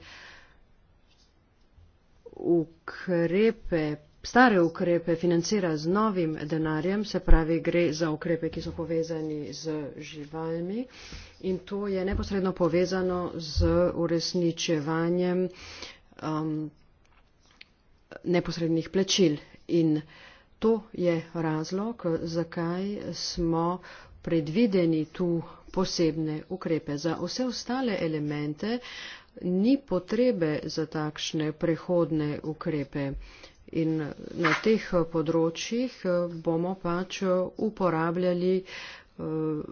ukrepe, stare ukrepe financira z novim denarjem, se pravi gre za ukrepe, ki so povezani z živalmi in to je neposredno povezano z uresničevanjem um, neposrednih plečil in to je razlog, zakaj smo predvideni tu posebne ukrepe. Za vse ostale elemente uh, ni potrebe za takšne prehodne ukrepe. In na teh področjih eh, bomo pač eh, uporabljali eh,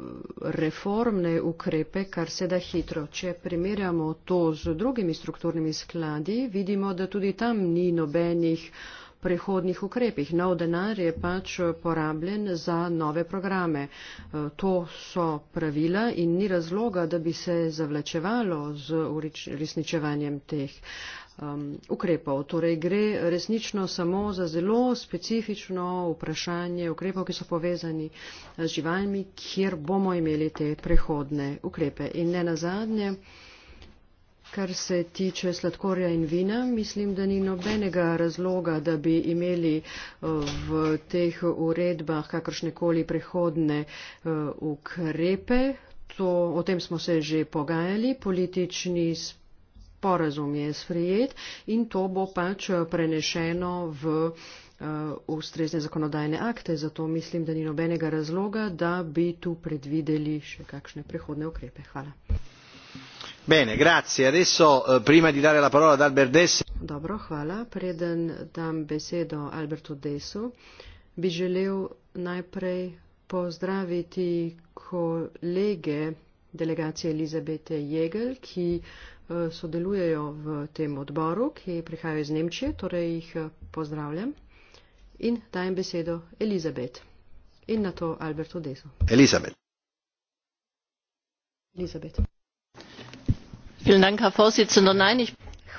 reformne ukrepe, kar se da hitro. Če primerjamo to z drugimi strukturnimi skladi, vidimo, da tudi tam ni nobenih prehodnih ukrepih. Nov denar je pač porabljen za nove programe. E, to so pravila in ni razloga, da bi se zavlačevalo z uresničevanjem teh um, ukrepov. Torej gre resnično samo za zelo specifično vprašanje ukrepov, ki so povezani z živalmi, kjer bomo imeli te prehodne ukrepe. In ne nazadnje, Kar se tiče sladkorja in vina, mislim, da ni nobenega razloga, da bi imeli eh, v teh uredbah kakršnekoli prehodne eh, ukrepe. To, o tem smo se že pogajali, politični sporazum je sprijet in to bo pač prenešeno v eh, ustrezne zakonodajne akte. Zato mislim, da ni nobenega razloga, da bi tu predvideli še kakšne prehodne ukrepe. Hvala. Eh, dobro hvala preden dam besedo albertu dessu bi želel najprej pozdraviti kolege delegacije elizabete jegl ki eh, sodelujejo v tem odboru ki prihajajo iz nemčije torej jih eh, pozdravljam in dajem besedo elizabet in nato albertu dessu elizabet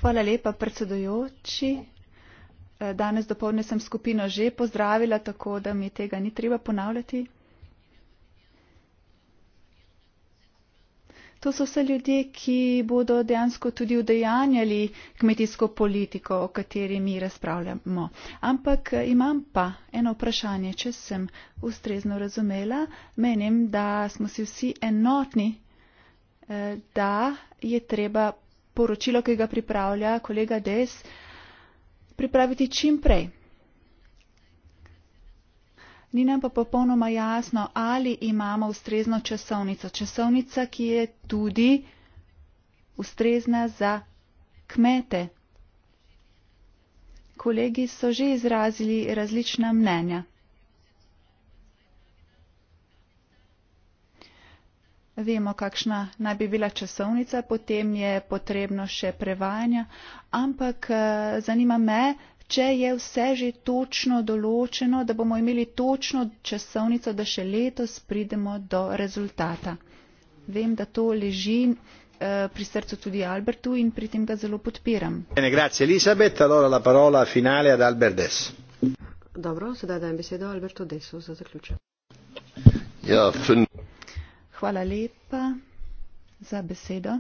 hvala lepa predsedujoči eh, danes dopoldne sem skupino že pozdravila tako da mi tega ni treba ponavljati to so vse ljudje ki bodo dejansko tudi udejanjali kmetijsko politiko o kateri mi razpravljamo ampak eh, imam pa eno vprašanje če sem ustrezno razumela menim da smo si vsi enotni Eh, da je treba poročilo, ki ga pripravlja kolega Des, pripraviti čim prej. Ni nam pa popolnoma jasno, ali imamo ustrezno časovnico. Časovnica, ki je tudi ustrezna za kmete. Kolegi so že izrazili različna mnenja. vemo, kakšna naj bi bila časovnica, potem je potrebno še prevajanja, ampak eh, zanima me, če je vse že točno določeno, da bomo imeli točno časovnico, da še letos pridemo do rezultata. Vem, da to leži eh, pri srcu tudi Albertu in pri tem ga zelo podpiram. Bene, grazie Elisabeth, allora la parola finale ad Albert Des. Dobro, sedaj dajem besedo Albertu Desu za zaključek. Ja, fin... Hvala lepa za besedo.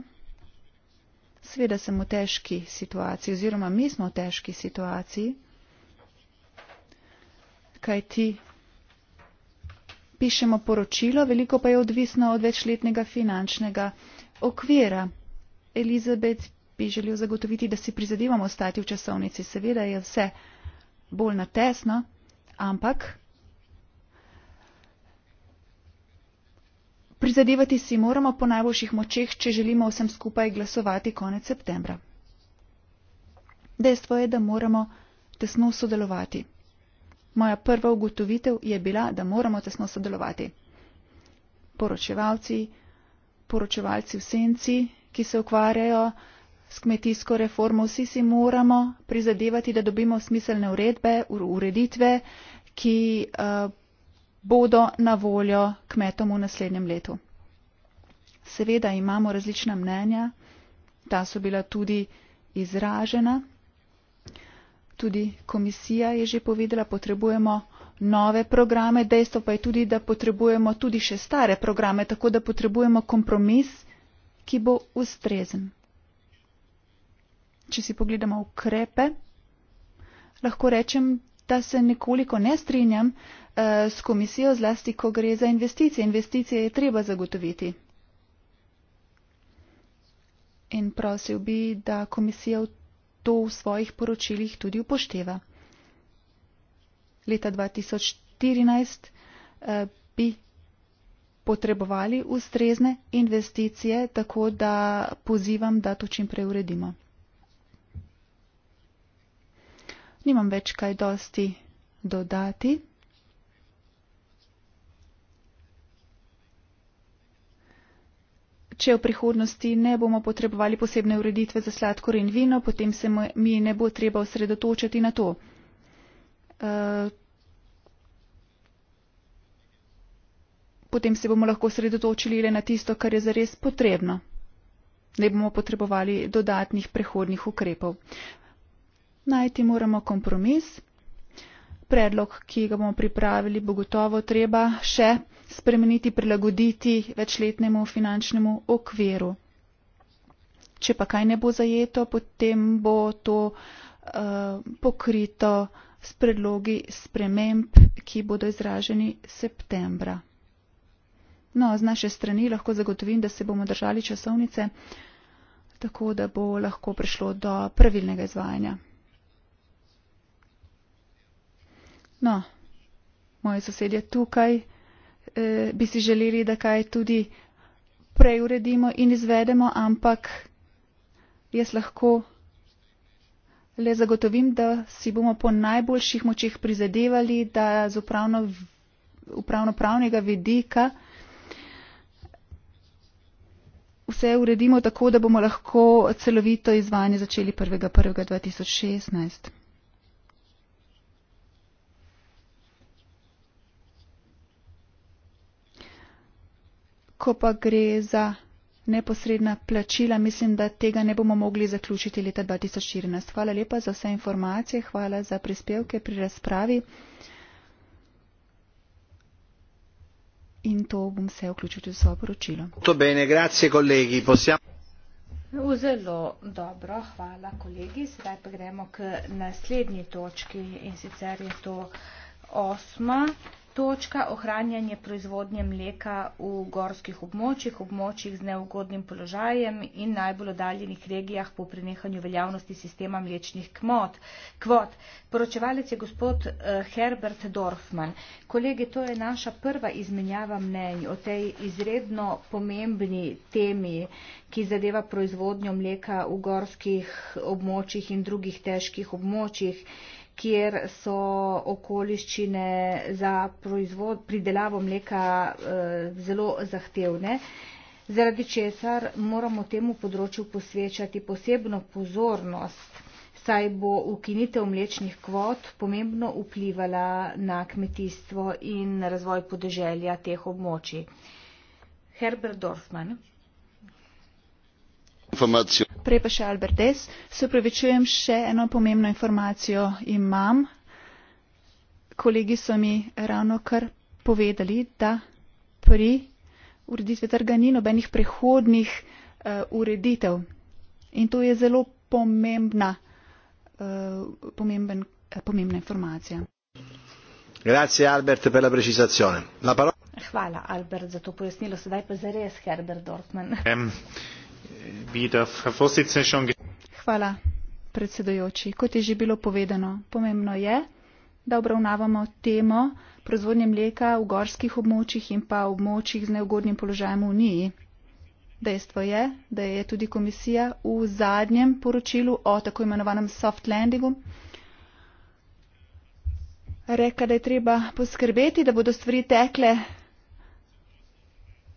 Sveda sem v težki situaciji oziroma mi smo v težki situaciji, kaj ti pišemo poročilo, veliko pa je odvisno od večletnega finančnega okvira. Elizabet bi želel zagotoviti, da si prizadevamo ostati v časovnici. Seveda je vse bolj natesno, ampak Prizadevati si moramo po najboljših močeh, če želimo vsem skupaj glasovati konec septembra. Dejstvo je, da moramo tesno sodelovati. Moja prva ugotovitev je bila, da moramo tesno sodelovati. Poročevalci, poročevalci v senci, ki se ukvarjajo s kmetijsko reformo, vsi si moramo prizadevati, da dobimo smiselne uredbe, ureditve, ki uh, bodo na voljo kmetom v naslednjem letu. Seveda imamo različna mnenja, ta so bila tudi izražena. Tudi komisija je že povedala, potrebujemo nove programe, dejstvo pa je tudi, da potrebujemo tudi še stare programe, tako da potrebujemo kompromis, ki bo ustrezen. Če si pogledamo ukrepe, lahko rečem, da se nekoliko ne strinjam eh, s komisijo, zlasti ko gre za investicije. Investicije je treba zagotoviti. In prosil bi, da komisija to v svojih poročilih tudi upošteva. Leta 2014 eh, bi potrebovali ustrezne investicije, tako da pozivam, da to čim prej uredimo. nimam več kaj dosti dodati. Če v prihodnosti ne bomo potrebovali posebne ureditve za sladkor in vino, potem se mi ne bo treba osredotočiti na to. Eh, potem se bomo lahko osredotočili le na tisto, kar je zares potrebno. Ne bomo potrebovali dodatnih prehodnih ukrepov najti moramo kompromis. Predlog, ki ga bomo pripravili, bo gotovo treba še spremeniti, prilagoditi večletnemu finančnemu okviru. Če pa kaj ne bo zajeto, potem bo to uh, pokrito s predlogi sprememb, ki bodo izraženi septembra. No, z naše strani lahko zagotovim, da se bomo držali časovnice, tako da bo lahko prišlo do pravilnega izvajanja. No, moji sosedje tukaj eh, bi si želeli, da kaj tudi prej uredimo in izvedemo, ampak jaz lahko le zagotovim, da si bomo po najboljših močeh prizadevali, da z upravno, upravno pravnega vidika vse uredimo tako, da bomo lahko celovito izvajanje začeli 1.1.2016. ko pa gre za neposredna plačila, mislim, da tega ne bomo mogli zaključiti leta 2014. Hvala lepa za vse informacije, hvala za prispevke pri razpravi. In to bom se vključil v svoje poročilo. To bene, grazie kolegi. Possiamo... Zelo dobro, hvala kolegi. Sedaj pa gremo k naslednji točki in sicer je to osma točka ohranjanje proizvodnje mleka v gorskih območjih, območjih z neugodnim položajem in najbolj oddaljenih regijah po prenehanju veljavnosti sistema mlečnih kmot. kvot. Poročevalec je gospod eh, Herbert Dorfman. Kolege, to je naša prva izmenjava mnenj o tej izredno pomembni temi, ki zadeva proizvodnjo mleka v gorskih območjih in drugih težkih območjih kjer so okoliščine za proizvod, pridelavo mleka e, zelo zahtevne, zaradi česar moramo temu področju posvečati posebno pozornost, saj bo ukinitev mlečnih kvot pomembno vplivala na kmetijstvo in razvoj podeželja teh območij. Herbert Dorfman prej pa še Albert Des. Se upravičujem, še eno pomembno informacijo imam. Kolegi so mi ravno kar povedali, da pri ureditvi trga ni nobenih prehodnih uh, ureditev. In to je zelo pomembna, uh, pomemben, uh, pomembna informacija. Grazie Albert per la precisazione. La parola... Hvala Albert za to pojasnilo. Sedaj pa zares Herbert Dorfman. Hvala, predsedujoči. Kot je že bilo povedano, pomembno je, da obravnavamo temo proizvodnje mleka v gorskih območjih in pa v območjih z neugodnim položajem v Uniji. Dejstvo je, da je tudi komisija v zadnjem poročilu o tako imenovanem soft landingu rekla, da je treba poskrbeti, da bodo stvari tekle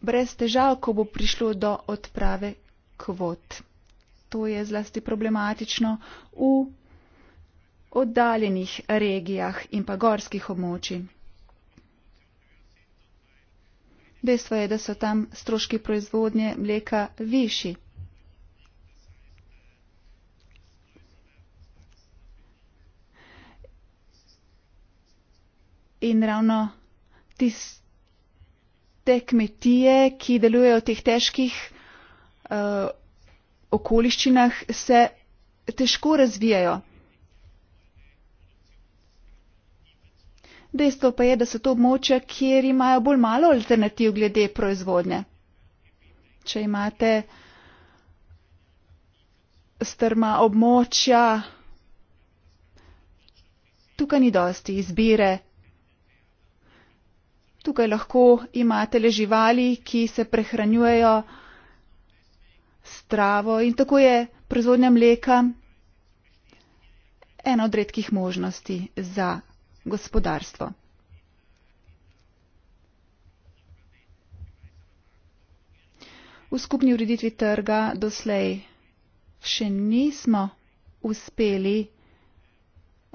brez težav, ko bo prišlo do odprave kvot. To je zlasti problematično v oddaljenih regijah in pa gorskih območij. Dejstvo je, da so tam stroški proizvodnje mleka višji. In ravno tiste kmetije, ki delujejo v teh težkih Eh, okoliščinah se težko razvijajo. Dejstvo pa je, da so to območja, kjer imajo bolj malo alternativ glede proizvodnje. Če imate strma območja, tukaj ni dosti izbire. Tukaj lahko imate le živali, ki se prehranjujejo s travo in tako je proizvodnja mleka ena od redkih možnosti za gospodarstvo. V skupni ureditvi trga doslej še nismo uspeli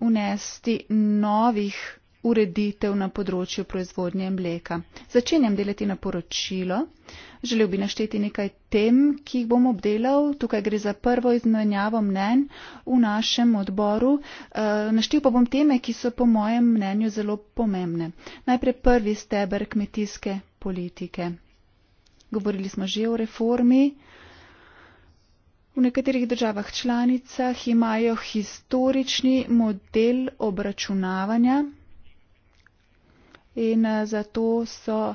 unesti novih ureditev na področju proizvodnje mleka. Začenjam delati na poročilo. Želel bi našteti nekaj tem, ki jih bom obdelal. Tukaj gre za prvo izmenjavo mnen v našem odboru. Eh, naštel pa bom teme, ki so po mojem mnenju zelo pomembne. Najprej prvi steber kmetijske politike. Govorili smo že o reformi. V nekaterih državah članicah imajo historični model obračunavanja in eh, zato so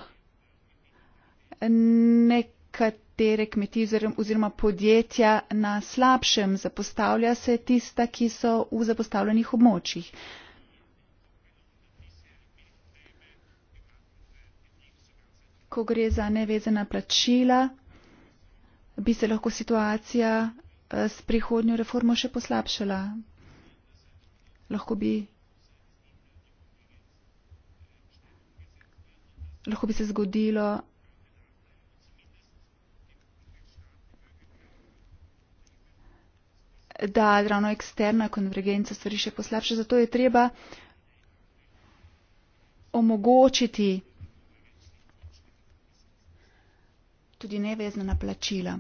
nekatere kmetije oziroma podjetja na slabšem, zapostavlja se tista, ki so v zapostavljenih območjih. Ko gre za nevezena plačila, bi se lahko situacija eh, s prihodnjo reformo še poslabšala. Lahko bi lahko bi se zgodilo, da ravno eksterna konvergenca stvari še poslabša. Zato je treba omogočiti tudi nevezna na plačila.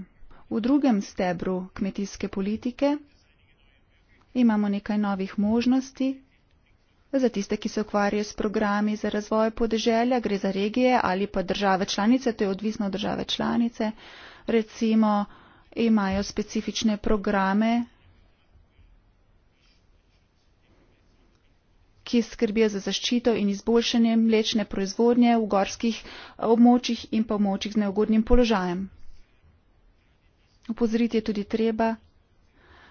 V drugem stebru kmetijske politike imamo nekaj novih možnosti, Za tiste, ki se ukvarjajo s programi za razvoj podeželja, gre za regije ali pa države članice, to je odvisno od države članice. Recimo imajo specifične programe, ki skrbijo za zaščito in izboljšanje mlečne proizvodnje v gorskih območjih in pa območjih z neugodnim položajem. Upozoriti je tudi treba,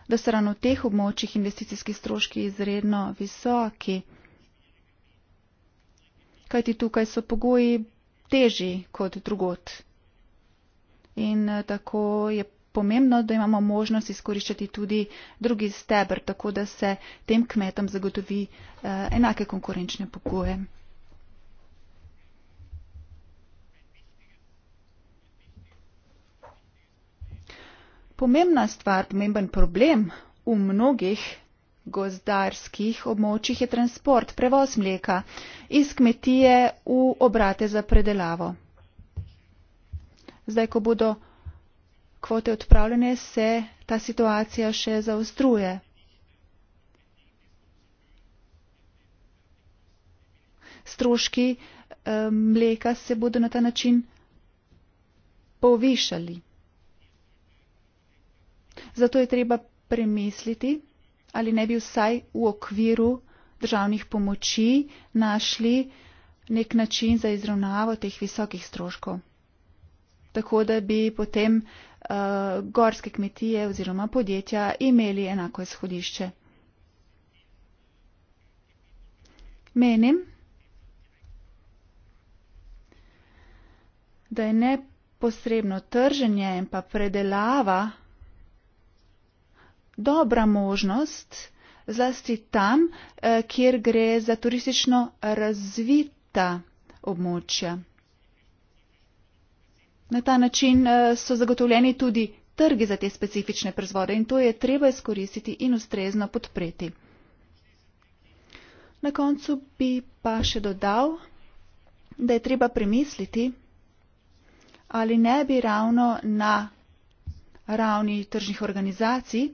da so ravno v teh območjih investicijski stroški izredno visoki, kajti tukaj so pogoji težji kot drugot. In eh, tako je pomembno, da imamo možnost izkoriščati tudi drugi stebr, tako da se tem kmetom zagotovi eh, enake konkurenčne pogoje. Pomembna stvar, pomemben problem v mnogih gozdarskih območjih je transport, prevoz mleka iz kmetije v obrate za predelavo. Zdaj, ko bodo kvote odpravljene, se ta situacija še zaostruje. Stroški eh, mleka se bodo na ta način povišali. Zato je treba premisliti, ali ne bi vsaj v okviru državnih pomoči našli nek način za izravnavo teh visokih stroškov. Tako da bi potem uh, gorske kmetije oziroma podjetja imeli enako izhodišče. Menim, da je neposredno trženje in pa predelava dobra možnost, zlasti tam, eh, kjer gre za turistično razvita območja. Na ta način eh, so zagotovljeni tudi trgi za te specifične prezvode in to je treba izkoristiti in ustrezno podpreti. Na koncu bi pa še dodal, da je treba premisliti, ali ne bi ravno na ravni tržnih organizacij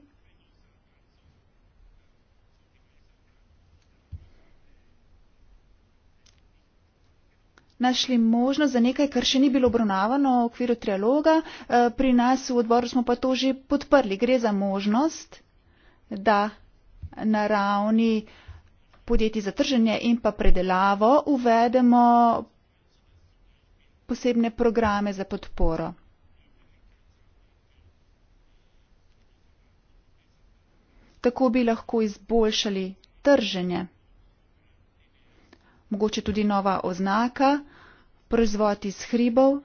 našli možnost za nekaj, kar še ni bilo obravnavano v okviru trialoga. E, pri nas v odboru smo pa to že podprli. Gre za možnost, da na ravni podjetij za trženje in pa predelavo uvedemo posebne programe za podporo. Tako bi lahko izboljšali trženje. Mogoče tudi nova oznaka proizvod iz hribov,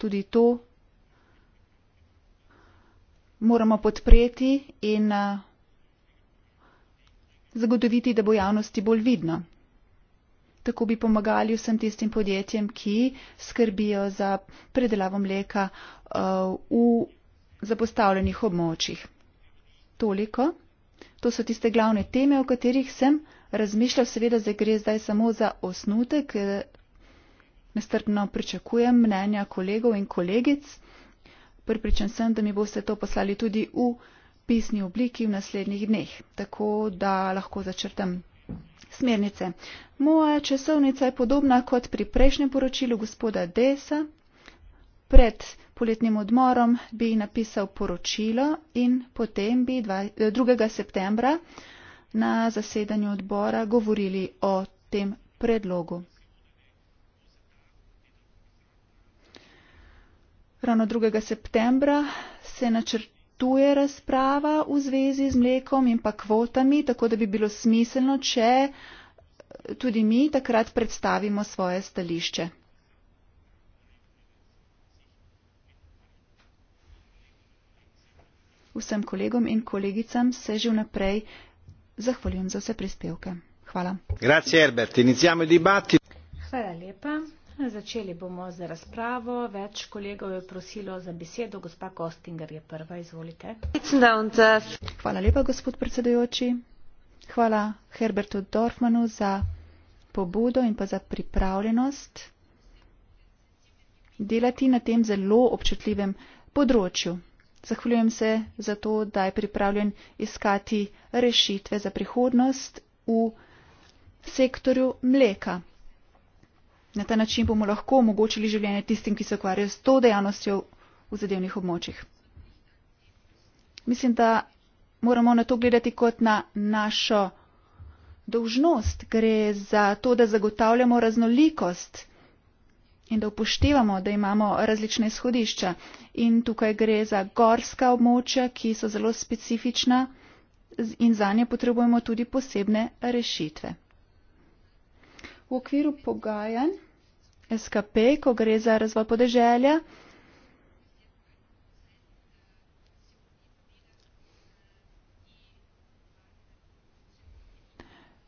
tudi to moramo podpreti in eh, zagotoviti, da bo javnosti bolj vidno. Tako bi pomagali vsem tistim podjetjem, ki skrbijo za predelavo mleka eh, v zapostavljenih območjih. Toliko. To so tiste glavne teme, o katerih sem razmišljal. Seveda, da gre zdaj samo za osnutek, eh, nestrpno pričakujem mnenja kolegov in kolegic. Pripričan sem, da mi boste to poslali tudi v pisni obliki v naslednjih dneh, tako da lahko začrtam smernice. Moja časovnica je podobna kot pri prejšnjem poročilu gospoda Desa. Pred poletnim odmorom bi napisal poročilo in potem bi 2. Eh, septembra na zasedanju odbora govorili o tem predlogu. Ravno 2. septembra se načrtuje razprava v zvezi z mlekom in pa kvotami, tako da bi bilo smiselno, če eh, tudi mi takrat predstavimo svoje stališče. Vsem kolegom in kolegicam se že vnaprej zahvaljujem za vse prispevke. Hvala. Grazie, Herbert. Iniziamo il dibattito. Hvala lepa. Začeli bomo z razpravo. Več kolegov je prosilo za besedo. Gospa Kostinger je prva. Izvolite. Hvala lepa, gospod predsedujoči. Hvala Herbertu Dorfmanu za pobudo in pa za pripravljenost delati na tem zelo občutljivem področju. Zahvaljujem se za to, da je pripravljen iskati rešitve za prihodnost v sektorju mleka. Na ta način bomo lahko omogočili življenje tistim, ki se ukvarjajo s to dejavnostjo v zadevnih območjih. Mislim, da moramo na to gledati kot na našo dolžnost. Gre za to, da zagotavljamo raznolikost in da upoštevamo, da imamo različne izhodišča. In tukaj gre za gorska območja, ki so zelo specifična in za nje potrebujemo tudi posebne rešitve v okviru pogajanj SKP, ko gre za razvoj podeželja.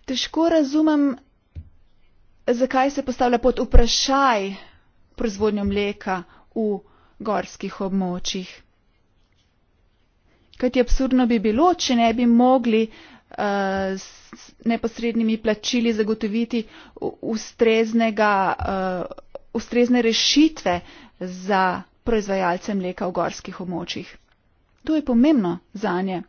Težko razumem, zakaj se postavlja pod vprašaj proizvodnjo mleka v gorskih območjih. Kajti absurdno bi bilo, če ne bi mogli uh, Eh, s neposrednimi plačili zagotoviti ustreznega, eh, ustrezne rešitve za proizvajalce mleka v gorskih območjih. To je pomembno zanje.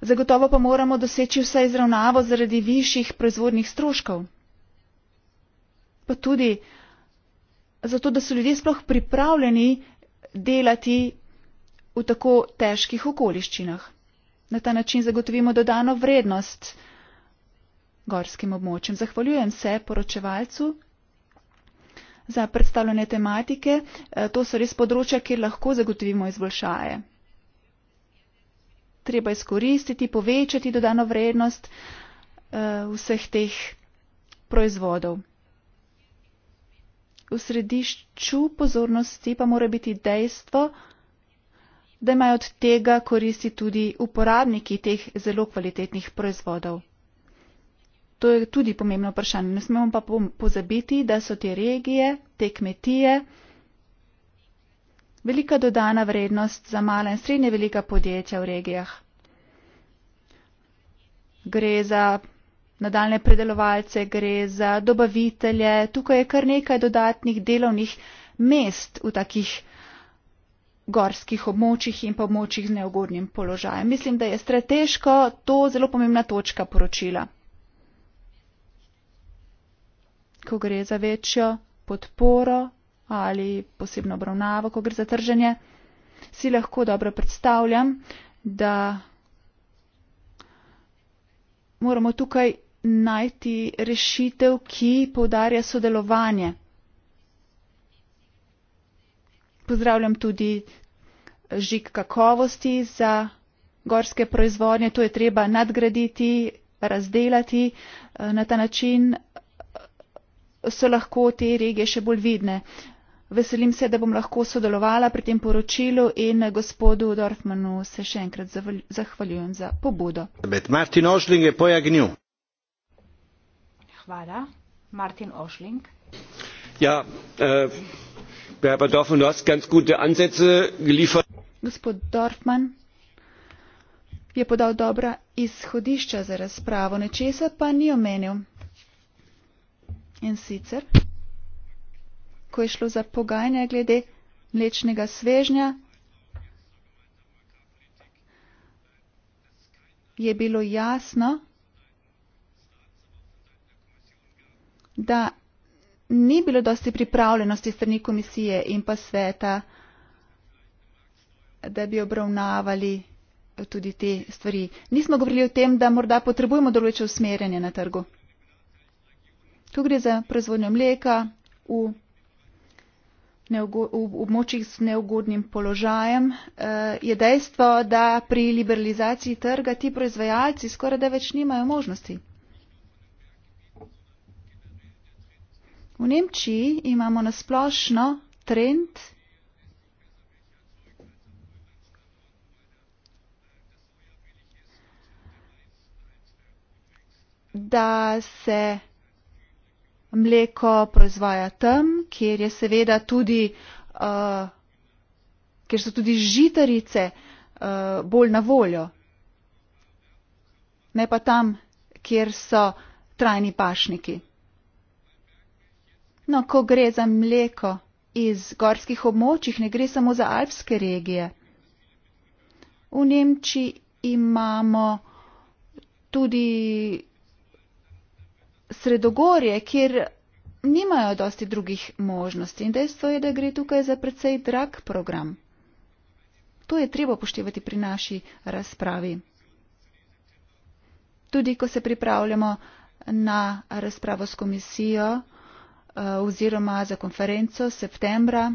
Zagotovo pa moramo doseči vsaj izravnavo zaradi višjih proizvodnih stroškov. Pa tudi zato, da so ljudje sploh pripravljeni delati v tako težkih okoliščinah. Na ta način zagotovimo dodano vrednost gorskim območjem. Zahvaljujem se poročevalcu za predstavljene tematike. E, to so res področja, kjer lahko zagotovimo izboljšaje. Treba izkoristiti, povečati dodano vrednost e, vseh teh proizvodov. V središču pozornosti pa mora biti dejstvo, da imajo od tega koristi tudi uporabniki teh zelo kvalitetnih proizvodov. To je tudi pomembno vprašanje. Ne smemo pa pozabiti, da so te regije, te kmetije velika dodana vrednost za mala in srednje velika podjetja v regijah. Gre za nadaljne predelovalce, gre za dobavitelje. Tukaj je kar nekaj dodatnih delovnih mest v takih gorskih območjih in pa območjih z neugodnim položajem. Mislim, da je strateško to zelo pomembna točka poročila. Ko gre za večjo podporo ali posebno obravnavo, ko gre za trženje, si lahko dobro predstavljam, da moramo tukaj najti rešitev, ki povdarja sodelovanje pozdravljam tudi žig kakovosti za gorske proizvodnje. To je treba nadgraditi, razdelati. Na ta način so lahko te regije še bolj vidne. Veselim se, da bom lahko sodelovala pri tem poročilu in gospodu Dorfmanu se še enkrat zahvaljujem za pobudo. Martin Ošling je pojagnil. Hvala. Martin Ošling. Ja, eh, herr dorfmann du hast ganz gute ansätze geliefert. gospod dorfmann je podal dobra izhodišča za razpravo nečesa pa ni omenil in sicer ko je šlo za pogajanja glede mlečnega svežnja je bilo jasno da ni bilo dosti pripravljenosti strani komisije in pa sveta, da bi obravnavali tudi te stvari. Nismo govorili o tem, da morda potrebujemo določe usmerjanje na trgu. Tu gre za proizvodnjo mleka v, v območjih s neugodnim položajem. Eh, je dejstvo, da pri liberalizaciji trga ti proizvajalci skoraj da več nimajo možnosti. V Nemčiji imamo nasplošno trend, da se mleko proizvaja tam, kjer je seveda tudi, uh, eh, ker so tudi žitarice uh, bolj na voljo, ne pa tam, kjer so trajni pašniki. No, ko gre za mleko iz gorskih območjih, ne gre samo za alpske regije. V Nemčiji imamo tudi sredogorje, kjer nimajo dosti drugih možnosti in dejstvo je, da gre tukaj za precej drag program. To je treba upoštevati pri naši razpravi. Tudi ko se pripravljamo na razpravo s komisijo, Eh, oziroma za konferenco septembra.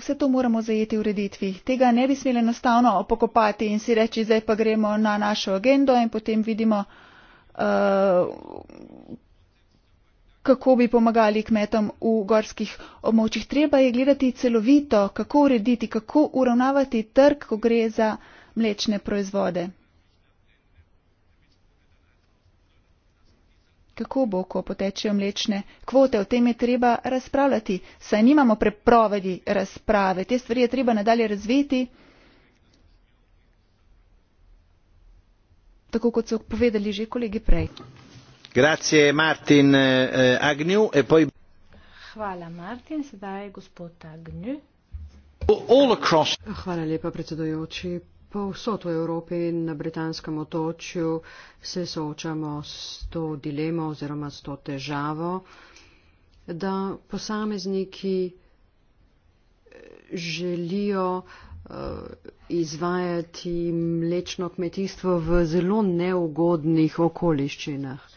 Vse to moramo zajeti v ureditvi. Tega ne bi smeli enostavno pokopati in si reči, zdaj pa gremo na našo agendo in potem vidimo, eh, kako bi pomagali kmetom v gorskih območjih. Treba je gledati celovito, kako urediti, kako uravnavati trg, ko gre za mlečne proizvode. Kako bo, ko potečejo mlečne kvote? O tem je treba razpravljati, saj nimamo prepovedi razprave. Te stvari je treba nadalje razviti, tako kot so povedali že kolegi prej. Grazie, Martin eh, eh Agnew. E poi... Hvala, Martin. Sedaj je gospod Agnew. Across... Hvala lepa, predsedojoči povsod v Evropi in na britanskem otočju se soočamo s to dilemo oziroma s to težavo, da posamezniki eh, želijo eh, izvajati mlečno kmetijstvo v zelo neugodnih okoliščinah.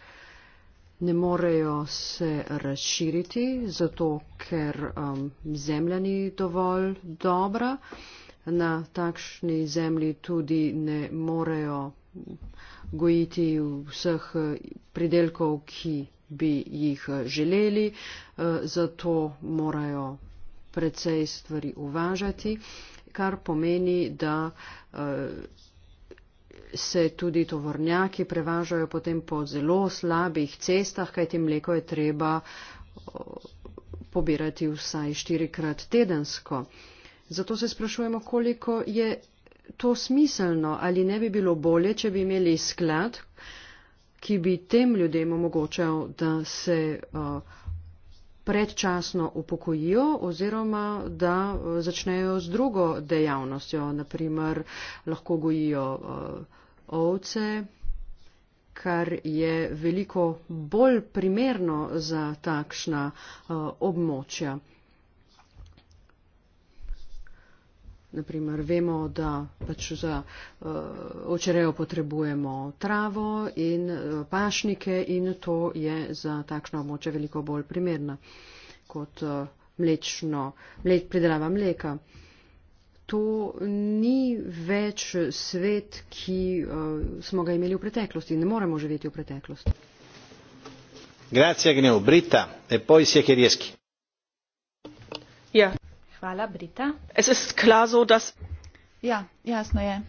Ne morejo se razširiti, zato ker um, zemlja ni dovolj dobra. Um, na takšni zemlji tudi ne morejo gojiti vseh pridelkov, ki bi jih želeli, eh, zato morajo precej stvari uvažati, kar pomeni, da eh, se tudi tovornjaki prevažajo potem po zelo slabih cestah, kajti mleko je treba eh, pobirati vsaj štirikrat tedensko. Zato se sprašujemo, koliko je to smiselno ali ne bi bilo bolje, če bi imeli sklad, ki bi tem ljudem omogočal, da se uh, predčasno upokojijo oziroma da uh, začnejo z drugo dejavnostjo. Naprimer, lahko gojijo uh, ovce, kar je veliko bolj primerno za takšna uh, območja. Naprimer, vemo, da pač za uh, očerejo potrebujemo travo in uh, pašnike in to je za takšno območje veliko bolj primerna kot uh, mlečno, mleč, pridelava mleka. To ni več svet, ki uh, smo ga imeli v preteklosti in ne moremo živeti v preteklosti. Grazie, Gneu. Brita, e poi si je kjer jeski. Ja, Hvala, Brita. Es ist klar so, dass. Ja, jasno je,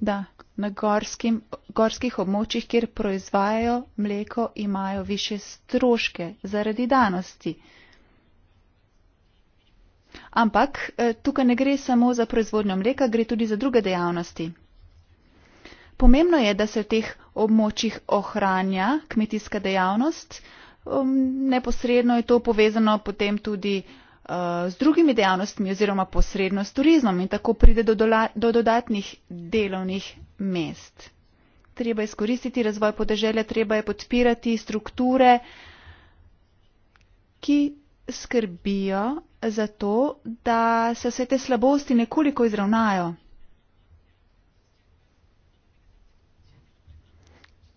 da na gorskim, gorskih območjih, kjer proizvajajo mleko, imajo više stroške zaradi danosti. Ampak eh, tukaj ne gre samo za proizvodnjo mleka, gre tudi za druge dejavnosti. Pomembno je, da se v teh območjih ohranja kmetijska dejavnost. Um, neposredno je to povezano potem tudi uh, Eh, z drugimi dejavnostmi oziroma posredno s turizmom in tako pride do, dola, do dodatnih delovnih mest. Treba je izkoristiti razvoj podeželja, treba je podpirati strukture, ki skrbijo za to, da se vse te slabosti nekoliko izravnajo.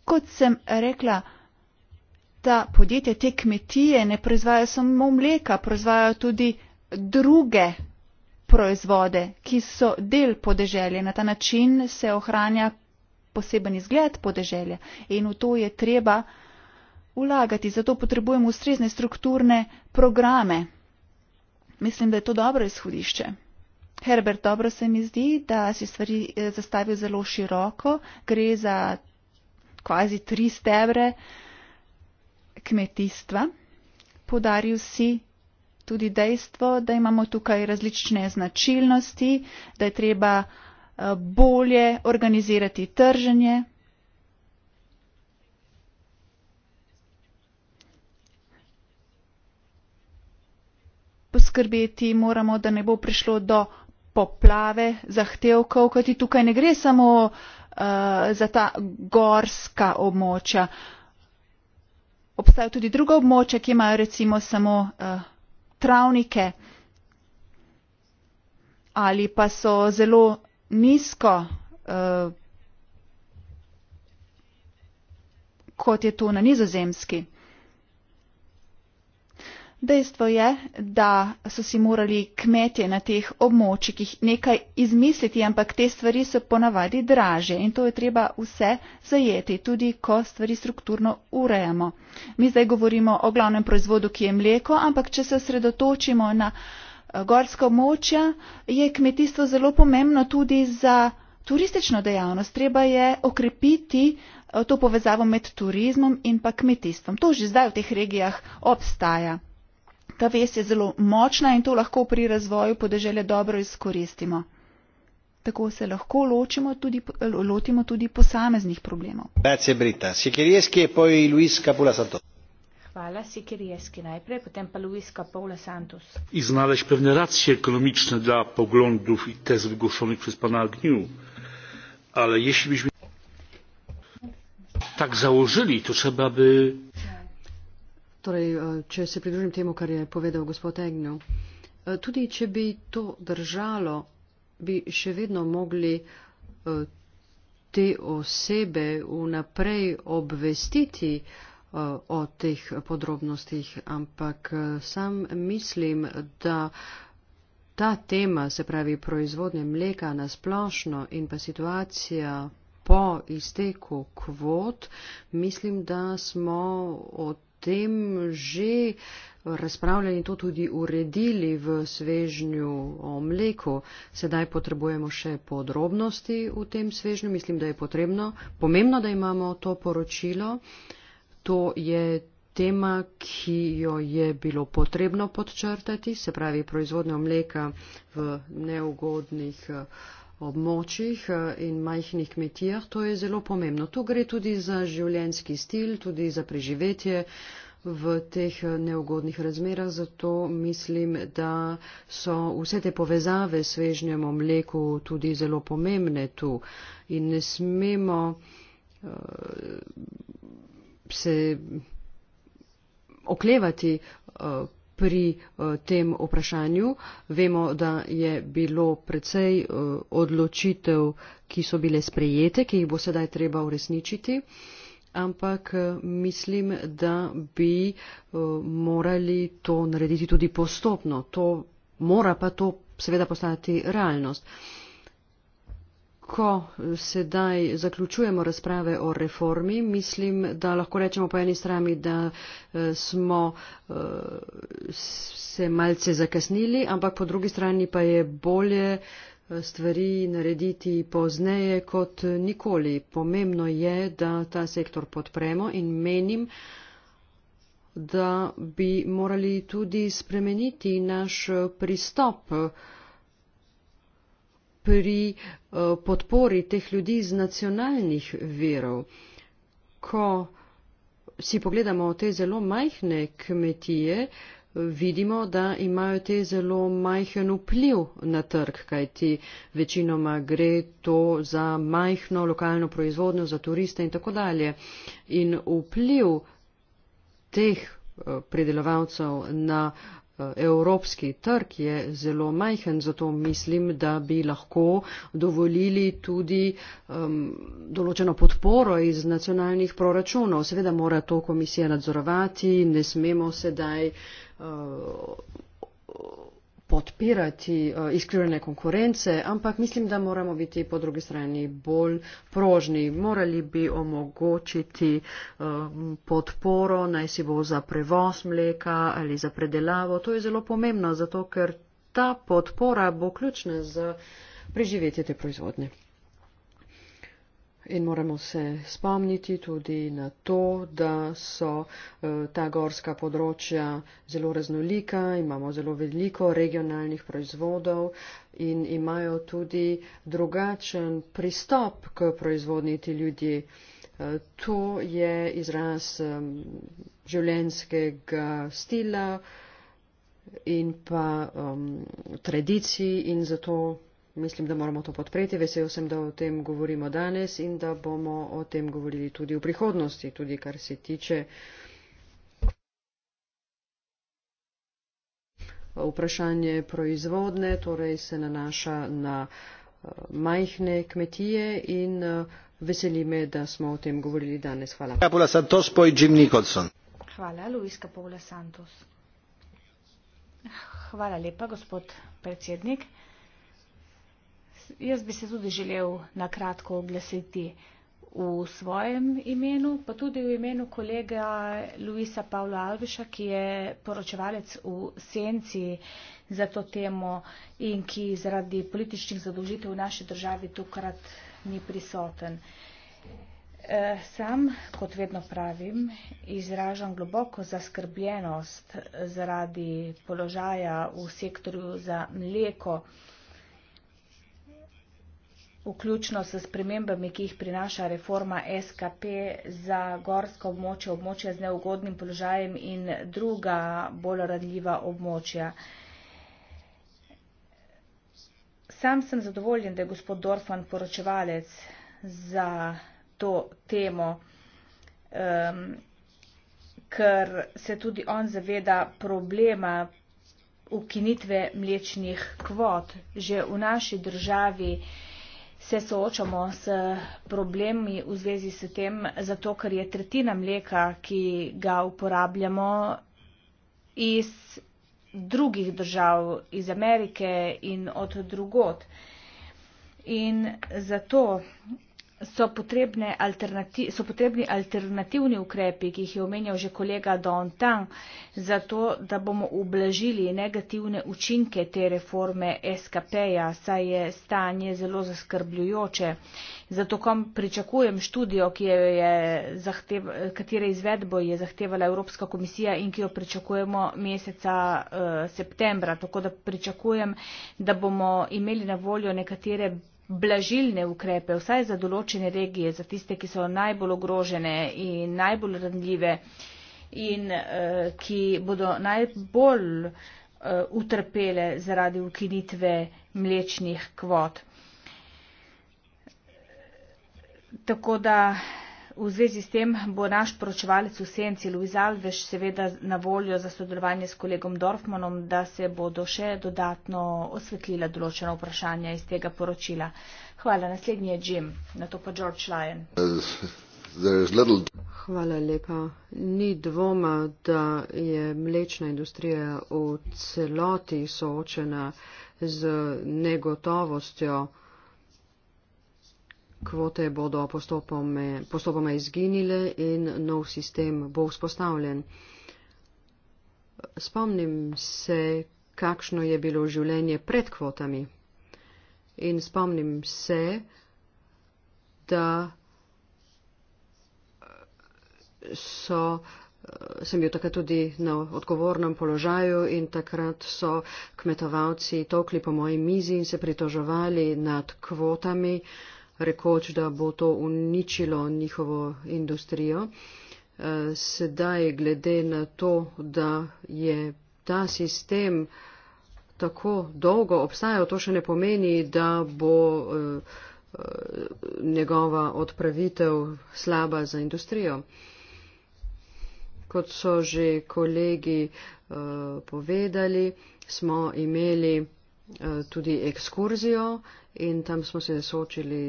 Kot sem rekla, da podjetje te kmetije ne proizvaja samo mleka, proizvaja tudi druge proizvode, ki so del podeželja. Na ta način se ohranja poseben izgled podeželja in v to je treba ulagati. Zato potrebujemo ustrezne strukturne programe. Mislim, da je to dobro izhodišče. Herbert, dobro se mi zdi, da si stvari eh, zastavil zelo široko. Gre za kvazi tri stebre. Uh, kmetijstva. Podaril si tudi dejstvo, da imamo tukaj različne značilnosti, da je treba eh, bolje organizirati trženje. Poskrbeti moramo, da ne bo prišlo do poplave zahtevkov, kajti tukaj ne gre samo uh, za ta gorska območja. Uh, obstajajo tudi druga območja, ki imajo recimo samo uh, travnike ali pa so zelo nizko, uh, kot je to na nizozemski. Dejstvo je, da so si morali kmetje na teh območjih nekaj izmisliti, ampak te stvari so ponavadi draže in to je treba vse zajeti, tudi ko stvari strukturno urejamo. Mi zdaj govorimo o glavnem proizvodu, ki je mleko, ampak če se osredotočimo na eh, gorska območja, je kmetijstvo zelo pomembno tudi za turistično dejavnost. Treba je okrepiti eh, to povezavo med turizmom in pa kmetijstvom. To že zdaj v teh regijah obstaja ta vest je zelo močna in to lahko pri razvoju podeželja dobro izkoristimo. Tako se lahko ločimo tudi, lotimo tudi posameznih problemov. Hvala, Sikirijeski najprej, potem pa Luis Capola Santos. Iznaleźć pewne racje ekonomiczne dla poglądów i tez wygłoszonych przez pana Agniu, ale jeśli byśmy tak założyli, to trzeba by. Yeah. Torej, eh, če se pridružim temu, kar je povedal gospod Egnjo. Eh, tudi, če bi to držalo, bi še vedno mogli eh, te osebe vnaprej obvestiti o teh podrobnostih, ampak sam mislim, da ta tema, se pravi proizvodnje mleka na splošno in pa situacija po izteku kvot, mislim, da smo od potem že razpravljali to tudi uredili v svežnju o mleku. Sedaj potrebujemo še podrobnosti v tem svežnju. Mislim, da je potrebno, pomembno, da imamo to poročilo. To je tema, ki jo je bilo potrebno podčrtati, se pravi proizvodnja mleka v neugodnih uh, območjih eh, in majhnih kmetijah, to je zelo pomembno. Tu gre tudi za življenski stil, tudi za preživetje v teh eh, neugodnih razmerah, zato mislim, da so vse te povezave s svežnjem o mleku tudi zelo pomembne tu in ne smemo uh, se oklevati uh, pri eh, tem vprašanju. Vemo, da je bilo precej eh, odločitev, ki so bile sprejete, ki jih bo sedaj treba uresničiti, ampak eh, mislim, da bi morali to narediti tudi postopno. To mora pa to seveda postati realnost ko sedaj zaključujemo razprave o reformi, mislim, da lahko rečemo po eni strani, da eh, smo eh, se malce zakasnili, ampak po drugi strani pa je bolje eh, stvari narediti pozneje kot nikoli. Pomembno je, da ta sektor podpremo in menim, da bi morali tudi spremeniti naš pristop pri eh, podpori teh ljudi iz nacionalnih verov. Ko si pogledamo te zelo majhne kmetije, vidimo, da imajo te zelo majhen vpliv na trg, kajti večinoma gre to za majhno lokalno proizvodnjo, za turiste in tako dalje. In vpliv teh eh, pridelovalcev na uh, evropski trg je zelo majhen, zato mislim, da bi lahko dovolili tudi um, določeno podporo iz nacionalnih proračunov. Seveda mora to komisija nadzorovati, ne smemo sedaj. Uh, podpirati uh, iskrivljene konkurence, ampak mislim, da moramo biti po drugi strani bolj prožni. Morali bi omogočiti uh, podporo, naj si bo za prevoz mleka ali za predelavo. To je zelo pomembno, zato ker ta podpora bo ključna za preživetje te proizvodnje. In moramo se spomniti tudi na to, da so eh, ta gorska področja zelo raznolika, imamo zelo veliko regionalnih proizvodov in imajo tudi drugačen pristop k proizvodni ti ljudje. Eh, to je izraz življenskega stila in pa um, tradiciji in zato Mislim, da moramo to podpreti. Vesel sem, da o tem govorimo danes in da bomo o tem govorili tudi v prihodnosti, tudi kar se tiče vprašanje proizvodne, torej se nanaša na eh, majhne kmetije in eh, veseli me, da smo o tem govorili danes. Hvala. Hvala, Santos, poj Jim Nicholson. Hvala, Luiska Paula Santos. Hvala lepa, gospod predsednik jaz bi se tudi želel na kratko oglasiti v svojem imenu, pa tudi v imenu kolega Luisa Pavla Alviša, ki je poročevalec v senci za to temo in ki zaradi političnih zadolžitev v naši državi tukrat ni prisoten. Eh, sam, kot vedno pravim, izražam globoko zaskrbljenost zaradi položaja v sektorju za mleko vključno s spremembami, ki jih prinaša reforma SKP za gorsko območje, območje z neugodnim položajem in druga bolj radljiva območja. Sam sem zadovoljen, da je gospod Dorfan poročevalec za to temo, um, ker se tudi on zaveda problema ukinitve mlečnih kvot. Že v naši državi uh, se soočamo s problemi v zvezi s tem, zato ker je tretjina mleka, ki ga uporabljamo, iz drugih držav, iz Amerike in od drugot. In zato So, alternati so potrebni alternativni ukrepi, ki jih je omenjal že kolega Dontan, zato da bomo ublažili negativne učinke te reforme SKP-ja, saj je stanje zelo zaskrbljujoče. Zato kom pričakujem študijo, katere izvedbo je zahtevala Evropska komisija in ki jo pričakujemo meseca uh, septembra. Tako da pričakujem, da bomo imeli na voljo nekatere blažilne ukrepe, vsaj za določene regije, za tiste, ki so najbolj ogrožene in najbolj randljive in eh, ki bodo najbolj eh, utrpele zaradi ukinitve mlečnih kvot. Tako da V zvezi s tem bo naš poročevalec v senci Luiz Alves seveda na voljo za sodelovanje s kolegom Dorfmanom, da se bodo še dodatno osvetlila določena vprašanja iz tega poročila. Hvala. Naslednji je Jim, na to pa George Lyon. Hvala lepa. Ni dvoma, da je mlečna industrija v celoti soočena z negotovostjo kvote bodo postopome, postopome izginile in nov sistem bo vzpostavljen. Spomnim se, kakšno je bilo življenje pred kvotami. In spomnim se, da so, sem bil takrat tudi na odgovornem položaju in takrat so kmetovalci tokli po moji mizi in se pritoževali nad kvotami. Uh, rekoč, da bo to uničilo njihovo industrijo. E, sedaj, glede na to, da je ta sistem tako dolgo obstajal, to še ne pomeni, da bo e, e, njegova odpravitev slaba za industrijo. Kot so že kolegi uh, povedali, smo imeli Eh, tudi ekskurzijo in tam smo se soočili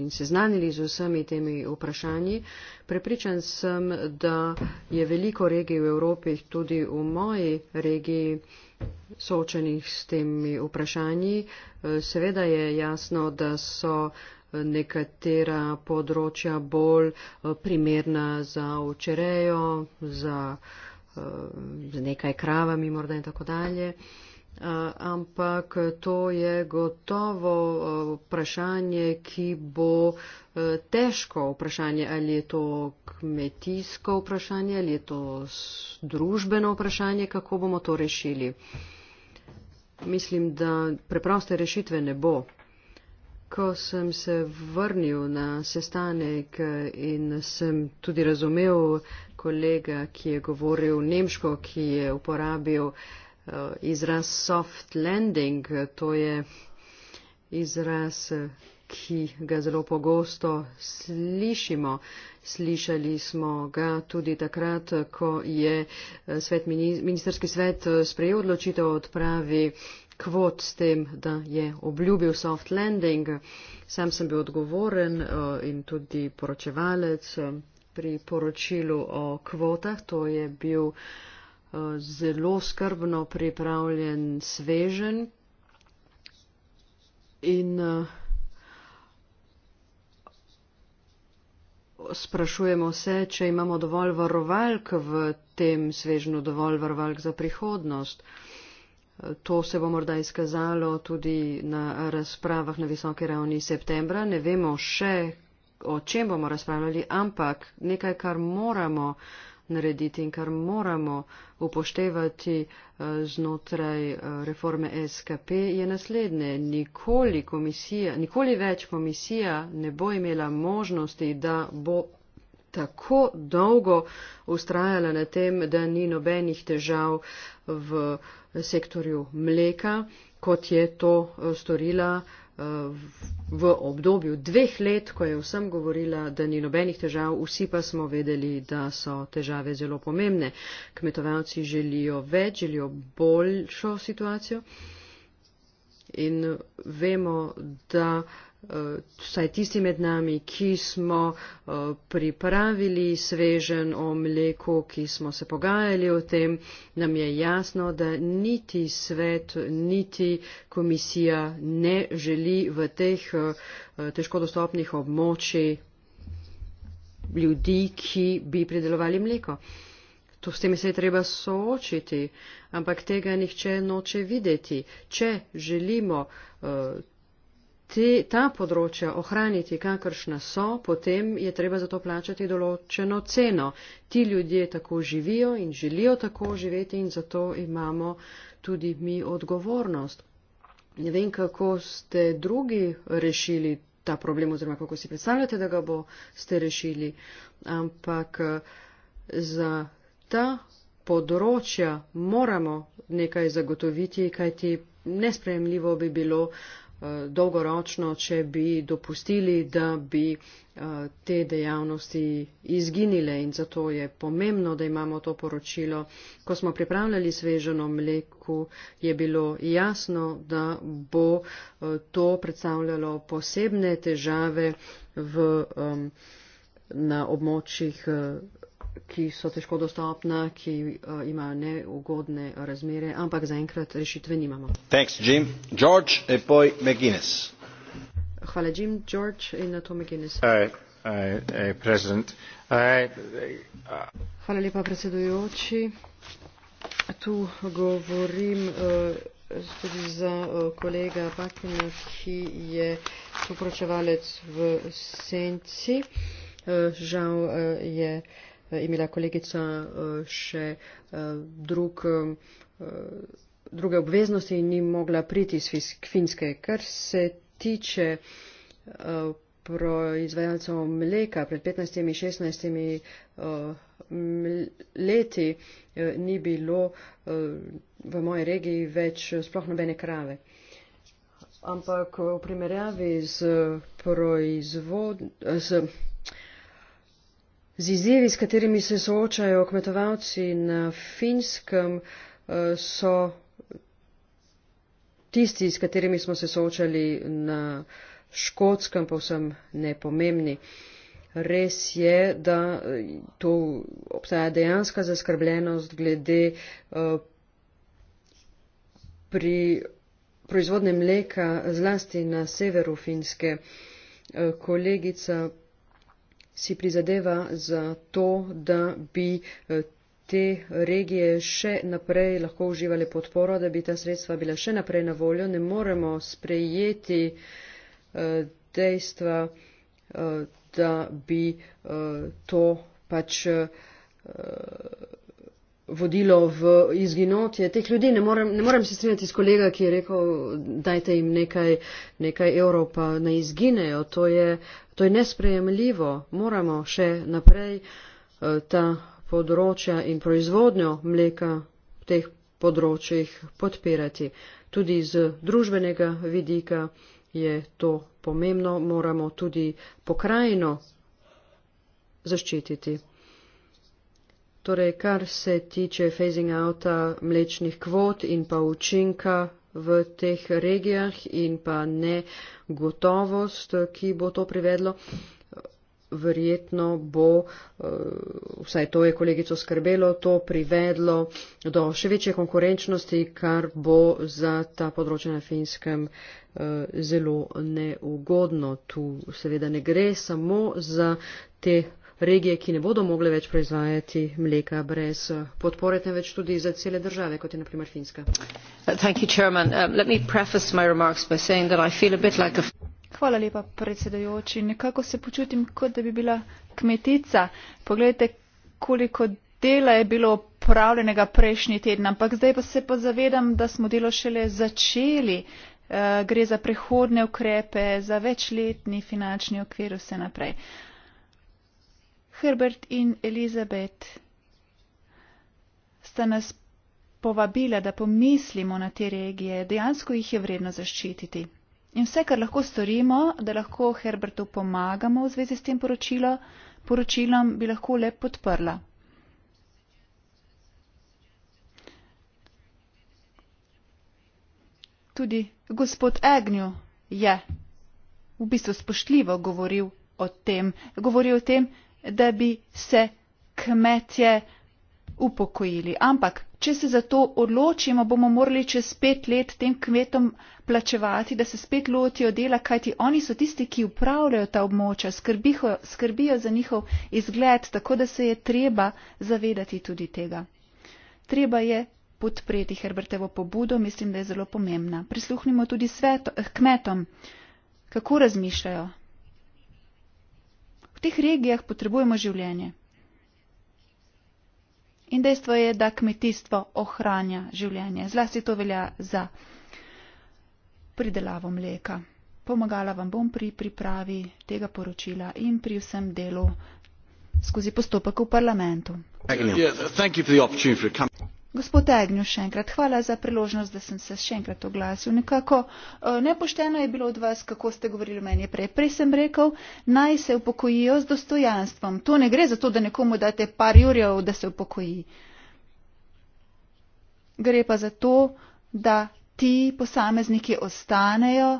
in seznanili z vsemi temi vprašanji. Prepričan sem, da je veliko regij v Evropi, tudi v moji regiji, soočenih s temi vprašanji. Eh, seveda je jasno, da so eh, nekatera področja bolj primerna za očerejo, za, za nekaj kravami morda in tako dalje. Eh, ampak to je gotovo eh, vprašanje, ki bo eh, težko vprašanje, ali je to kmetijsko vprašanje, ali je to družbeno vprašanje, kako bomo to rešili. Mislim, da preproste rešitve ne bo. Ko sem se vrnil na sestanek in sem tudi razumel kolega, ki je govoril nemško, ki je uporabil uh, Eh, izraz soft landing, eh, to je izraz, eh, ki ga zelo pogosto slišimo. Slišali smo ga tudi takrat, ko je svet, ministerski svet sprejel odločitev o odpravi kvot s tem, da je obljubil soft landing. Sam sem bil odgovoren in tudi poročevalec pri poročilu o kvotah. To je bil zelo skrbno pripravljen svežen in eh, sprašujemo se, če imamo dovolj varovalk v tem svežnu, dovolj varovalk za prihodnost. Eh, to se bo morda izkazalo tudi na razpravah na visoke ravni septembra. Ne vemo še, o čem bomo razpravljali, ampak nekaj, kar moramo narediti in kar moramo upoštevati eh, znotraj eh, reforme SKP je naslednje. Nikoli, komisija, nikoli več komisija ne bo imela možnosti, da bo tako dolgo ustrajala na tem, da ni nobenih težav v sektorju mleka, kot je to eh, storila Eh, v obdobju dveh let, ko je vsem govorila, da ni nobenih težav, vsi pa smo vedeli, da so težave zelo pomembne. Kmetovalci želijo več, želijo boljšo situacijo in vemo, da. Uh, Eh, vsaj tisti med nami, ki smo eh, pripravili svežen o mleku, ki smo se pogajali o tem, nam je jasno, da niti svet, niti komisija ne želi v teh eh, težko dostopnih območji ljudi, ki bi pridelovali mleko. To s tem se je treba soočiti, ampak tega nihče noče videti. Če želimo te, ta področja ohraniti, kakršna so, potem je treba za to plačati določeno ceno. Ti ljudje tako živijo in želijo tako živeti in zato imamo tudi mi odgovornost. Ne vem, kako ste drugi rešili ta problem oziroma kako si predstavljate, da ga boste rešili, ampak za ta področja moramo nekaj zagotoviti, kajti nespremljivo bi bilo, Eh, dolgoročno, če bi dopustili, da bi eh, te dejavnosti izginile. In zato je pomembno, da imamo to poročilo. Ko smo pripravljali sveženo mleko, je bilo jasno, da bo eh, to predstavljalo posebne težave v, na območjih ki so težko dostopna, ki uh, imajo neugodne razmere, ampak zaenkrat rešitve nimamo. Thanks, Jim. George, e poi McGuinness. Hvala, Jim, George in na to McGuinness. Uh, uh, uh, uh, Hvala lepa, predsedujoči. Tu govorim uh, tudi za uh, kolega Pakina, ki je poprečevalec v senci. Uh, žal uh, je. Eh, imela kolegica eh, še eh, drug, druge obveznosti in ni mogla priti iz Finske. Kar se tiče proizvajalcev mleka pred 15-16 leti ni bilo v moji regiji več sploh nobene krave. Ampak v primerjavi z proizvod, z Z izzivi, s katerimi se soočajo kmetovalci na finskem, eh, so tisti, s katerimi smo se soočali na škotskem, povsem nepomembni. Res je, da eh, tu obstaja dejanska zaskrbljenost glede eh, pri proizvodnem mleka, zlasti na severu finske. Kolegica si prizadeva za to, da bi eh, te regije še naprej lahko uživale podporo, da bi ta sredstva bila še naprej na voljo. Ne moremo sprejeti eh, dejstva, eh, da bi to pač vodilo v izginotje teh ljudi. Ne morem, ne morem se strinjati s kolega, ki je rekel, dajte jim nekaj, nekaj evrov, pa ne izginejo. To je, to je nesprejemljivo. Moramo še naprej eh, ta področja in proizvodnjo mleka v teh področjih podpirati. Tudi z družbenega vidika je to pomembno. Moramo tudi pokrajino zaščititi. Torej, kar se tiče phasing outa mlečnih kvot in pa učinka v teh regijah in pa ne gotovost, ki bo to privedlo, verjetno bo, eh, vsaj to je kolegico skrbelo, to privedlo do še večje konkurenčnosti, kar bo za ta področje na finskem eh, zelo neugodno. Tu seveda ne gre samo za te regije, ki ne bodo mogle več proizvajati mleka brez eh, podpore, temveč tudi za cele države, kot je naprimer Finska. Uh, um, Hvala lepa, predsedojoči. Nekako se počutim, kot da bi bila kmetica. Poglejte, koliko dela je bilo opravljenega prejšnji teden, ampak zdaj pa se pa zavedam, da smo delo šele začeli. Uh, gre za prehodne ukrepe, za večletni finančni okvir vse naprej. Herbert in Elizabeth sta nas povabila, da pomislimo na te regije, dejansko jih je vredno zaščititi. In vse, kar lahko storimo, da lahko Herbertu pomagamo v zvezi s tem poročilo, poročilom, bi lahko le podprla. Tudi gospod Agnew je v bistvu spoštljivo govoril o tem, govoril o tem, da da bi se kmetje upokojili. Ampak, če se za to odločimo, bomo morali čez pet let tem kmetom plačevati, da se spet lotijo dela, kajti oni so tisti, ki upravljajo ta območja, skrbijo, skrbijo za njihov izgled, tako da se je treba zavedati tudi tega. Treba je podpreti Herbertevo pobudo, mislim, da je zelo pomembna. Prisluhnimo tudi svetu, eh, kmetom, kako razmišljajo teh regijah potrebujemo življenje. In dejstvo je, da kmetijstvo ohranja življenje. Zlasti to velja za pridelavo mleka. Pomagala vam bom pri pripravi tega poročila in pri vsem delu skozi postopek v parlamentu. Thank you. Yeah, thank you Gospod Egnjo, še enkrat hvala za priložnost, da sem se še enkrat oglasil. Nekako eh, nepošteno je bilo od vas, kako ste govorili o meni prej. Prej sem rekel, naj se upokojijo z dostojanstvom. To ne gre za to, da nekomu date par jurjev, da se upokoji. Gre pa za to, da ti posamezniki ostanejo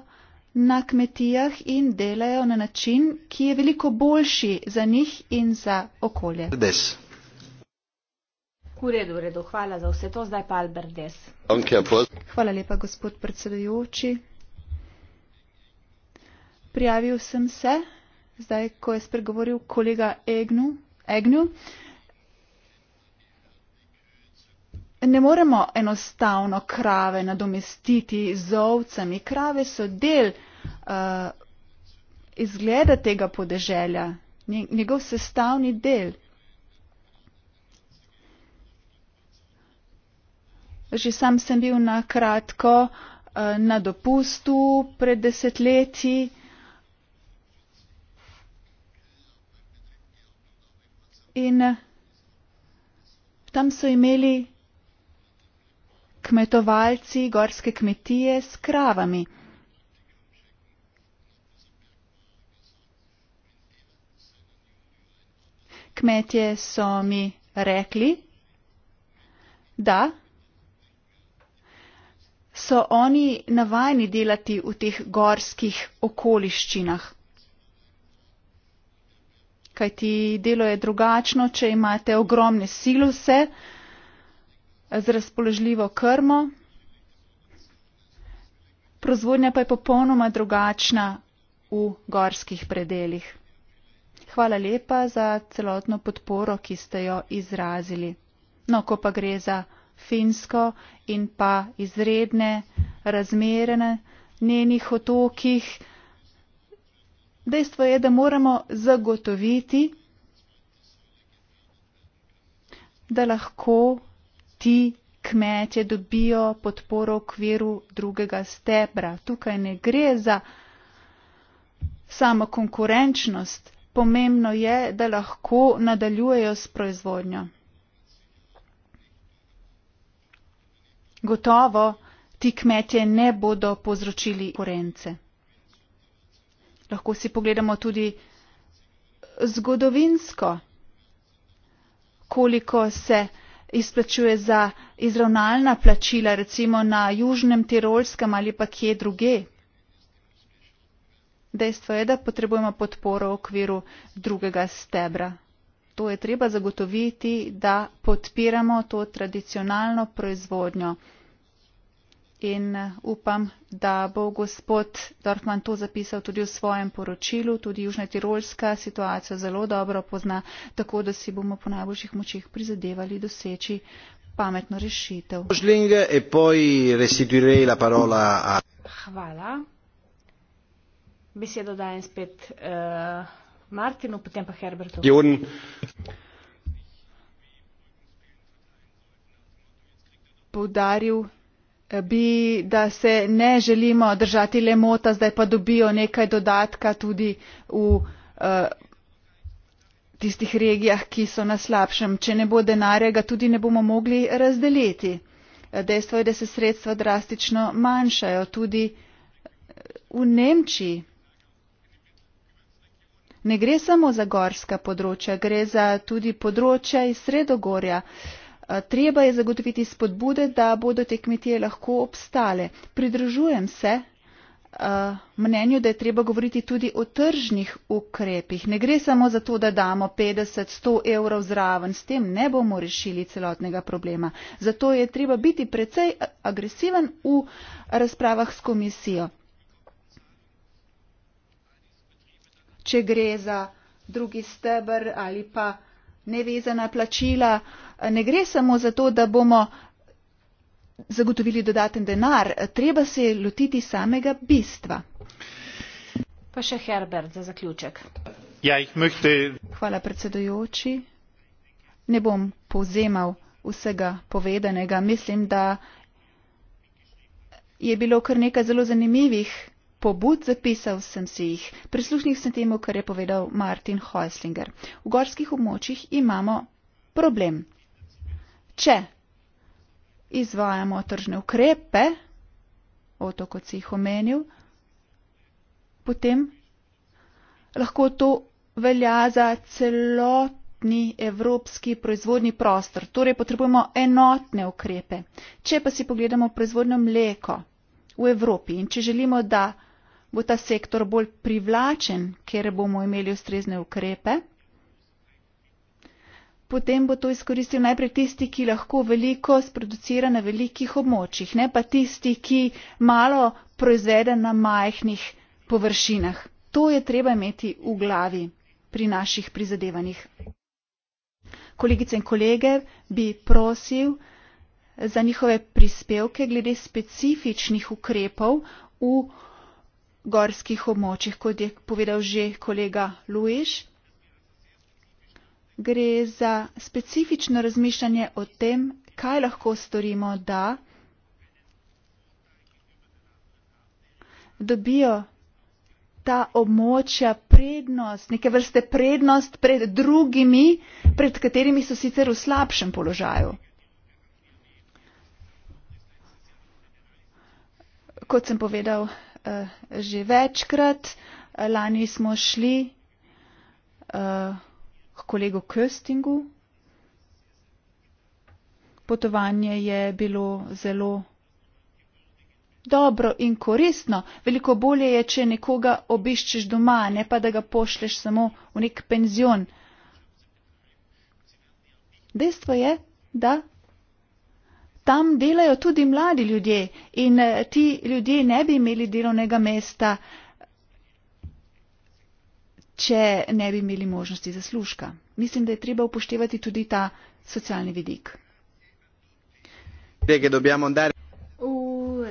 na kmetijah in delajo na način, ki je veliko boljši za njih in za okolje. Des. V redu, v redu, hvala za vse to. Zdaj pa Alberdes. Hvala lepa, gospod predsedujoči. Prijavil sem se, zdaj, ko je spregovoril kolega Egnu. Egnu. Ne moremo enostavno krave nadomestiti z ovcami. Krave so del uh, izgleda tega podeželja, njegov sestavni del. Že sam sem bil na kratko eh, na dopustu pred desetletji. In eh, tam so imeli kmetovalci gorske kmetije s kravami. Kmetje so mi rekli, da so oni navajeni delati v teh gorskih okoliščinah? Kaj ti delo je drugačno, če imate ogromne siluse z razpoložljivo krmo, proizvodnja pa je popolnoma drugačna v gorskih predeljih. Hvala lepa za celotno podporo, ki ste jo izrazili. No, ko pa gre za Finsko in pa izredne razmere na njenih otokih. Dejstvo je, da moramo zagotoviti, da lahko ti kmetje dobijo podporo v okviru drugega stebra. Tukaj ne gre za samo konkurenčnost, pomembno je, da lahko nadaljujejo s proizvodnjo. Gotovo ti kmetje ne bodo povzročili korence. Lahko si pogledamo tudi zgodovinsko, koliko se izplačuje za izravnalna plačila, recimo na južnem Tirolskem ali pa kje druge. Dejstvo je, da potrebujemo podporo v okviru drugega stebra. To je treba zagotoviti, da podpiramo to tradicionalno proizvodnjo. In uh, upam, da bo gospod Dorfman to zapisal tudi v svojem poročilu. Tudi Južna Tirolska situacijo zelo dobro pozna, tako da si bomo po najboljših močih prizadevali doseči pametno rešitev. E Hvala. Besedo dajem spet. Uh martinu potem pa herbertu poudaril eh, bi, da se ne želimo držati le mota, zdaj pa dobijo nekaj dodatka tudi v uh, tistih regijah, ki so na slabšem. Če ne bo denarja, ga tudi ne bomo mogli razdeliti. Eh, dejstvo je, da se sredstva drastično manjšajo. Tudi v Nemčiji ne gre samo za gorska področja, gre za tudi področja iz sredogorja. Eh, treba je zagotoviti spodbude, da bodo te kmetije lahko obstale. Pridružujem se eh, mnenju, da je treba govoriti tudi o tržnih ukrepih. Ne gre samo za to, da damo 50-100 evrov zraven, s tem ne bomo rešili celotnega problema. Zato je treba biti precej agresiven v razpravah s komisijo. če gre za drugi stebr ali pa nevezana plačila. Ne gre samo za to, da bomo zagotovili dodaten denar, treba se lotiti samega bistva. Pa še Herbert za zaključek. Ja, möchte... Hvala predsedujoči. Ne bom povzemal vsega povedanega. Mislim, da je bilo kar nekaj zelo zanimivih pobud, zapisal sem si jih. Prisluhnil sem temu, kar je povedal Martin Heuslinger. V gorskih območjih imamo problem. Če izvajamo tržne ukrepe, o to, kot si jih omenil, potem lahko to velja za celotni evropski proizvodni prostor. Torej potrebujemo enotne ukrepe. Če pa si pogledamo proizvodno mleko v Evropi in če želimo, da bo ta sektor bolj privlačen, ker bomo imeli ustrezne ukrepe. Potem bo to izkoristil najprej tisti, ki lahko veliko sproducira na velikih območjih, ne pa tisti, ki malo proizvede na majhnih površinah. To je treba imeti v glavi pri naših prizadevanjih. Kolegice in kolege, bi prosil za njihove prispevke glede specifičnih ukrepov v gorskih območjih, kot je povedal že kolega Luiš. Gre za specifično razmišljanje o tem, kaj lahko storimo, da dobijo ta območja prednost, neke vrste prednost pred drugimi, pred katerimi so sicer v slabšem položaju. Kot sem povedal, Eh, že večkrat. Lani smo šli eh, k kolegu Köstingu. Potovanje je bilo zelo dobro in koristno. Veliko bolje je, če nekoga obiščeš doma, ne pa da ga pošleš samo v nek penzion. Dejstvo je, da Tam delajo tudi mladi ljudje in eh, ti ljudje ne bi imeli delovnega mesta, če ne bi imeli možnosti zaslužka. Mislim, da je treba upoštevati tudi ta socialni vidik. V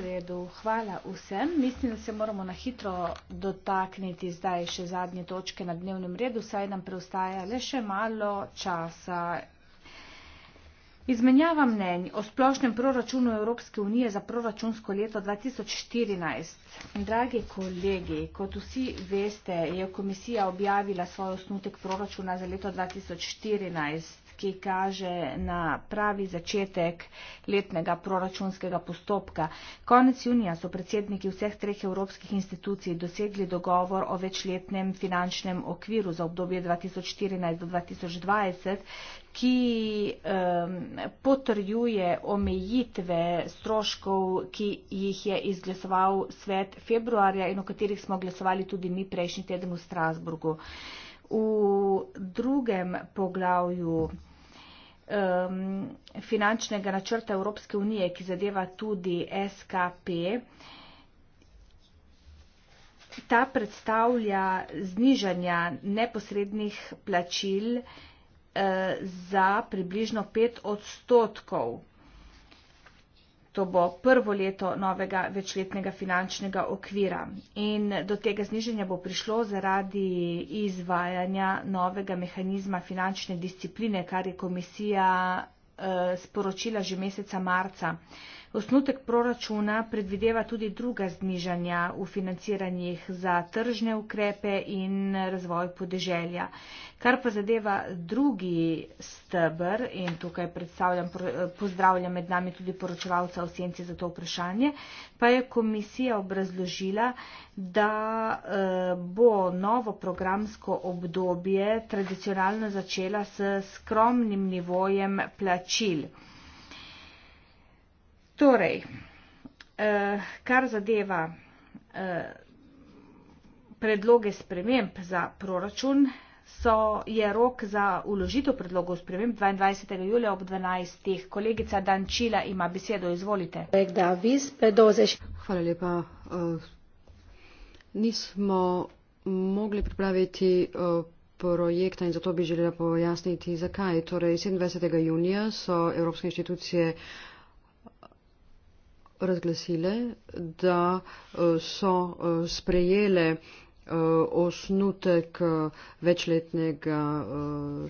redu, hvala vsem. Mislim, da se moramo na hitro dotakniti zdaj še zadnje točke na dnevnem redu, saj nam preostaja le še malo časa. Izmenjava mnenj o splošnem proračunu Evropske unije za proračunsko leto 2014. Dragi kolegi, kot vsi veste, je komisija objavila svoj osnutek proračuna za leto 2014, ki kaže na pravi začetek letnega proračunskega postopka. Konec junija so predsedniki vseh treh evropskih institucij dosegli dogovor o večletnem finančnem okviru za obdobje 2014 do 2020, ki um, potrjuje omejitve stroškov, ki jih je izglasoval svet februarja in o katerih smo glasovali tudi mi prejšnji teden v Strasburgu. V drugem poglavju um, finančnega načrta Evropske unije, ki zadeva tudi SKP, ta predstavlja znižanja neposrednih plačil, Eh, za približno 5 odstotkov. To bo prvo leto novega večletnega finančnega okvira. In do tega zniženja bo prišlo zaradi izvajanja novega mehanizma finančne discipline, kar je komisija eh, sporočila že meseca marca. Osnutek proračuna predvideva tudi druga znižanja v financiranjih za tržne ukrepe in razvoj podeželja. Kar pa zadeva drugi stebr, in tukaj pozdravljam med nami tudi poročevalca v senci za to vprašanje, pa je komisija obrazložila, da eh, bo novo programsko obdobje tradicionalno začela s skromnim nivojem plačil. Torej, eh, kar zadeva eh, predloge sprememb za proračun, so, je rok za uložitev predlogov sprememb 22. julija ob 12. Kolegica Dančila ima besedo, izvolite. Hvala lepa. Eh, nismo mogli pripraviti eh, projekta in zato bi želela pojasniti, zakaj. Torej, 27. junija so Evropske inštitucije uh, razglasile, da eh, so eh, sprejele eh, osnutek večletnega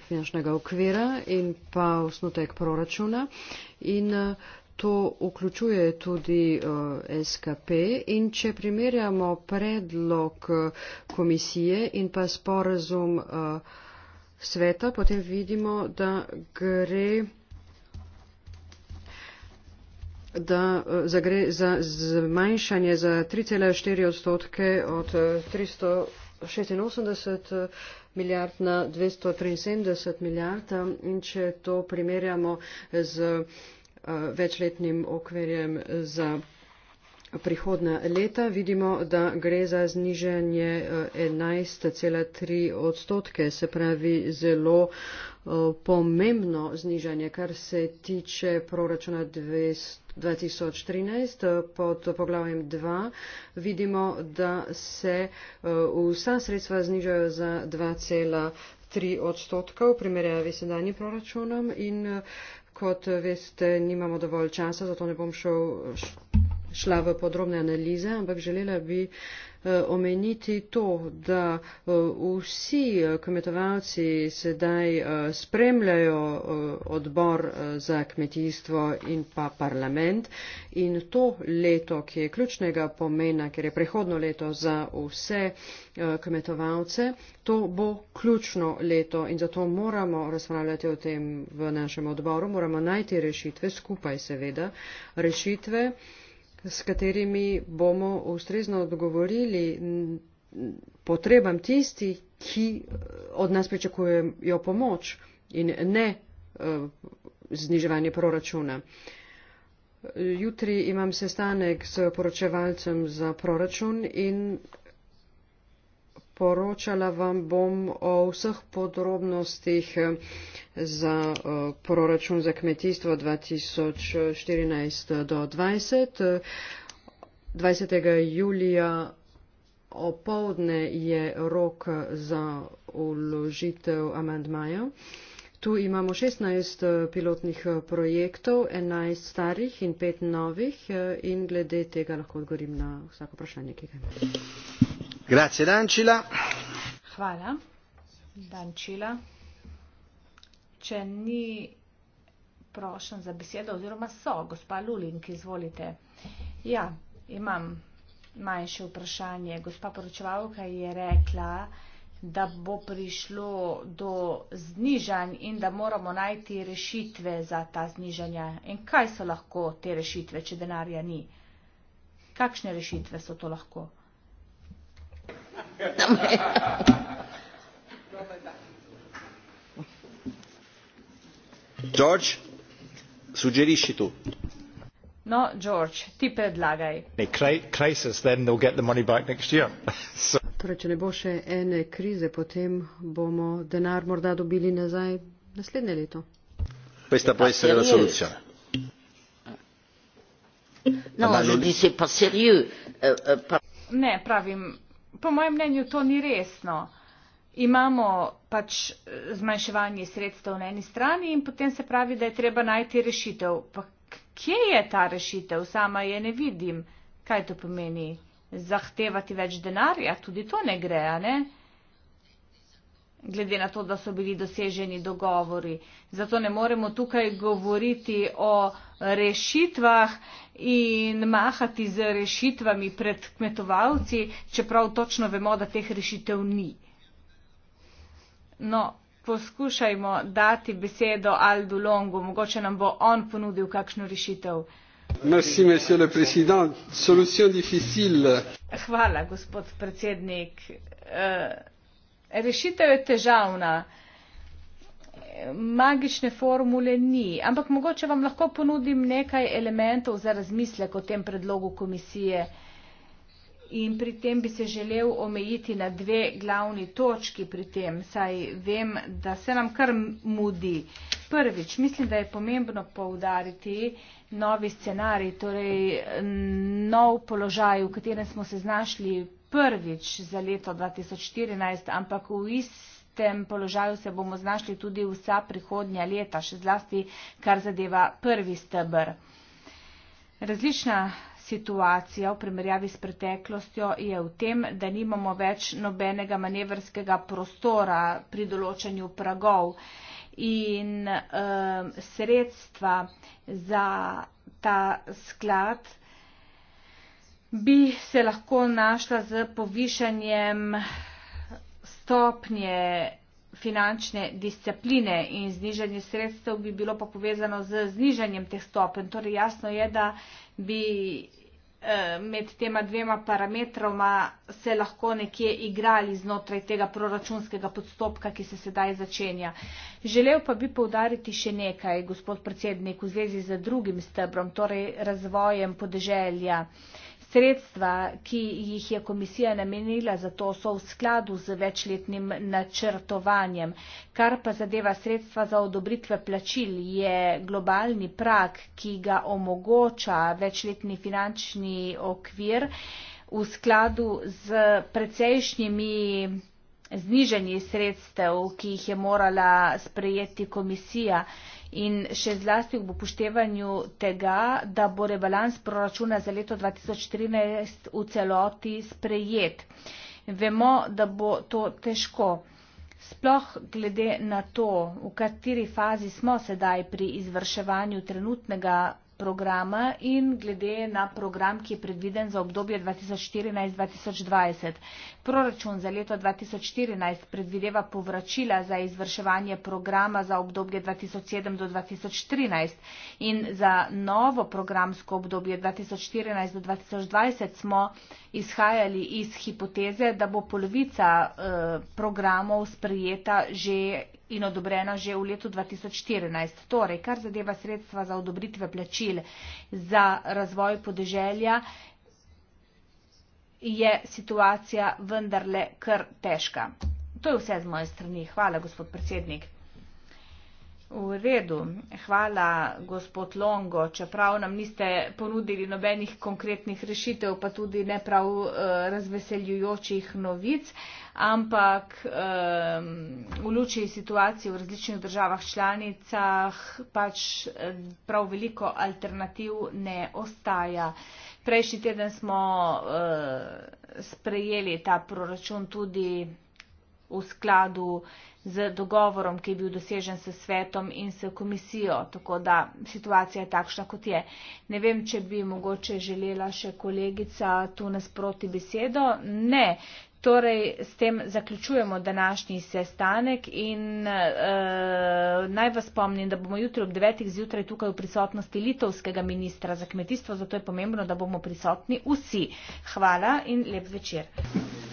finančnega okvira in pa osnutek proračuna in to vključuje tudi SKP in če primerjamo predlog komisije in pa sporazum sveta, potem vidimo, da gre da eh, zagre za zmanjšanje za 3,4 odstotke od 386 eh, eh, milijard na 273 milijard in če to primerjamo z večletnim okverjem za prihodna leta. Vidimo, da gre za zniženje 11,3 eh, odstotke, se pravi zelo eh, pomembno znižanje, kar se tiče proračuna 2013 eh, pod poglavjem 2. Vidimo, da se vsa sredstva znižajo za 2,3 odstotka v primerjavi s sedanjim proračunom in kot veste, nimamo dovolj časa, zato ne bom šel šla v podrobne analize, ampak želela bi eh, omeniti to, da eh, vsi eh, kmetovalci sedaj spremljajo odbor za kmetijstvo in pa parlament in to leto, ki je ključnega pomena, ker je prehodno leto za vse kmetovalce, to bo ključno leto in zato moramo razpravljati o tem v našem odboru, moramo najti rešitve, skupaj seveda, rešitve s katerimi bomo ustrezno odgovorili potrebam tistih, ki eh, od nas pričakujejo pomoč in ne eh, zniževanje proračuna. Jutri imam sestanek s poročevalcem za proračun in poročala vam bom o vseh podrobnostih eh, za eh, proračun za kmetijstvo 2014 do 20. 20. julija. Opovdne je rok za uložitev amandmaja. Tu imamo 16 eh, pilotnih projektov, 11 starih in 5 novih in glede tega lahko odgovorim na vsako vprašanje, ki ga imate grazie Dancila hvala Dancila če ni prošen za besedo oziroma so gospa Lulink izvolite ja imam manjše vprašanje gospa poročevalka je rekla da bo prišlo do znižanj in da moramo najti rešitve za ta znižanja. In kaj so lahko te rešitve, če denarja ni? Kakšne rešitve so to lahko? [laughs] George, suggerisci tu. No, George, ti predlagaj. Crisis, [laughs] so. Torej, če ne bo še ene krize, potem bomo denar morda dobili nazaj naslednje leto. Questa può essere la soluzione. No, je pa serio. Ne, pravim, po mojem mnenju to ni resno. Imamo pač eh, zmanjševanje sredstev na eni strani in potem se pravi, da je treba najti rešitev. Pa kje je ta rešitev? Sama je ne vidim. Kaj to pomeni? Zahtevati več denarja? Tudi to ne gre, a ne? glede na to, da so bili doseženi dogovori. Zato ne moremo tukaj govoriti o rešitvah in mahati z rešitvami pred kmetovalci, čeprav točno vemo, da teh rešitev ni. No, poskušajmo dati besedo Aldu Longu, mogoče nam bo on ponudil kakšno rešitev. Merci, le Hvala, gospod predsednik. Uh, rešitev je težavna. Magične formule ni, ampak mogoče vam lahko ponudim nekaj elementov za razmislek o tem predlogu komisije. In pri tem bi se želel omejiti na dve glavni točki pri tem, saj vem, da se nam kar mudi. Prvič, mislim, da je pomembno poudariti novi scenarij, torej nov položaj, v katerem smo se znašli prvič za leto 2014, ampak v istem položaju se bomo znašli tudi vsa prihodnja leta, še zlasti kar zadeva prvi stebr. Različna situacija v primerjavi s preteklostjo je v tem, da nimamo več nobenega manevrskega prostora pri določanju pragov in e, sredstva za ta sklad bi se lahko našla z povišanjem stopnje finančne discipline in znižanje sredstev bi bilo pa povezano z znižanjem teh stopen. Torej jasno je, da bi eh, med tema dvema parametroma se lahko nekje igrali znotraj tega proračunskega podstopka, ki se sedaj začenja. Želel pa bi povdariti še nekaj, gospod predsednik, v zvezi z drugim stebrom, torej razvojem podeželja. Sredstva, ki jih je komisija namenila za to, so v skladu z večletnim načrtovanjem. Kar pa zadeva sredstva za odobritve plačil, je globalni prak, ki ga omogoča večletni finančni okvir v skladu z precejšnjimi zniženji sredstev, ki jih je morala sprejeti komisija in še zlasti ob upoštevanju tega, da bo rebalans proračuna za leto 2013 v celoti sprejet. Vemo, da bo to težko. Sploh glede na to, v kateri fazi smo sedaj pri izvrševanju trenutnega programa in glede na program, ki je predviden za obdobje 2014-2020. Proračun za leto 2014 predvideva povračila za izvrševanje programa za obdobje 2007-2013 in za novo programsko obdobje 2014-2020 smo izhajali iz hipoteze, da bo polovica eh, programov sprejeta že in odobrena že v letu 2014. Torej, kar zadeva sredstva za odobritve plačil za razvoj podeželja, je situacija vendarle kar težka. To je vse z moje strani. Hvala, gospod predsednik. V redu. Hvala, gospod Longo. Čeprav nam niste ponudili nobenih konkretnih rešitev, pa tudi ne prav uh, razveseljujočih novic. Uh, ampak um, v luči situacije v različnih državah članicah pač prav veliko alternativ ne ostaja. Prejšnji teden smo uh, sprejeli ta proračun tudi v skladu z dogovorom, ki je bil dosežen s svetom in s komisijo, tako da situacija je takšna, kot je. Ne vem, če bi mogoče želela še kolegica tu nasproti besedo. Ne, Torej, s tem zaključujemo današnji sestanek in e, naj vas spomnim, da bomo jutri ob 9. zjutraj tukaj v prisotnosti litovskega ministra za kmetijstvo, zato je pomembno, da bomo prisotni vsi. Hvala in lep večer.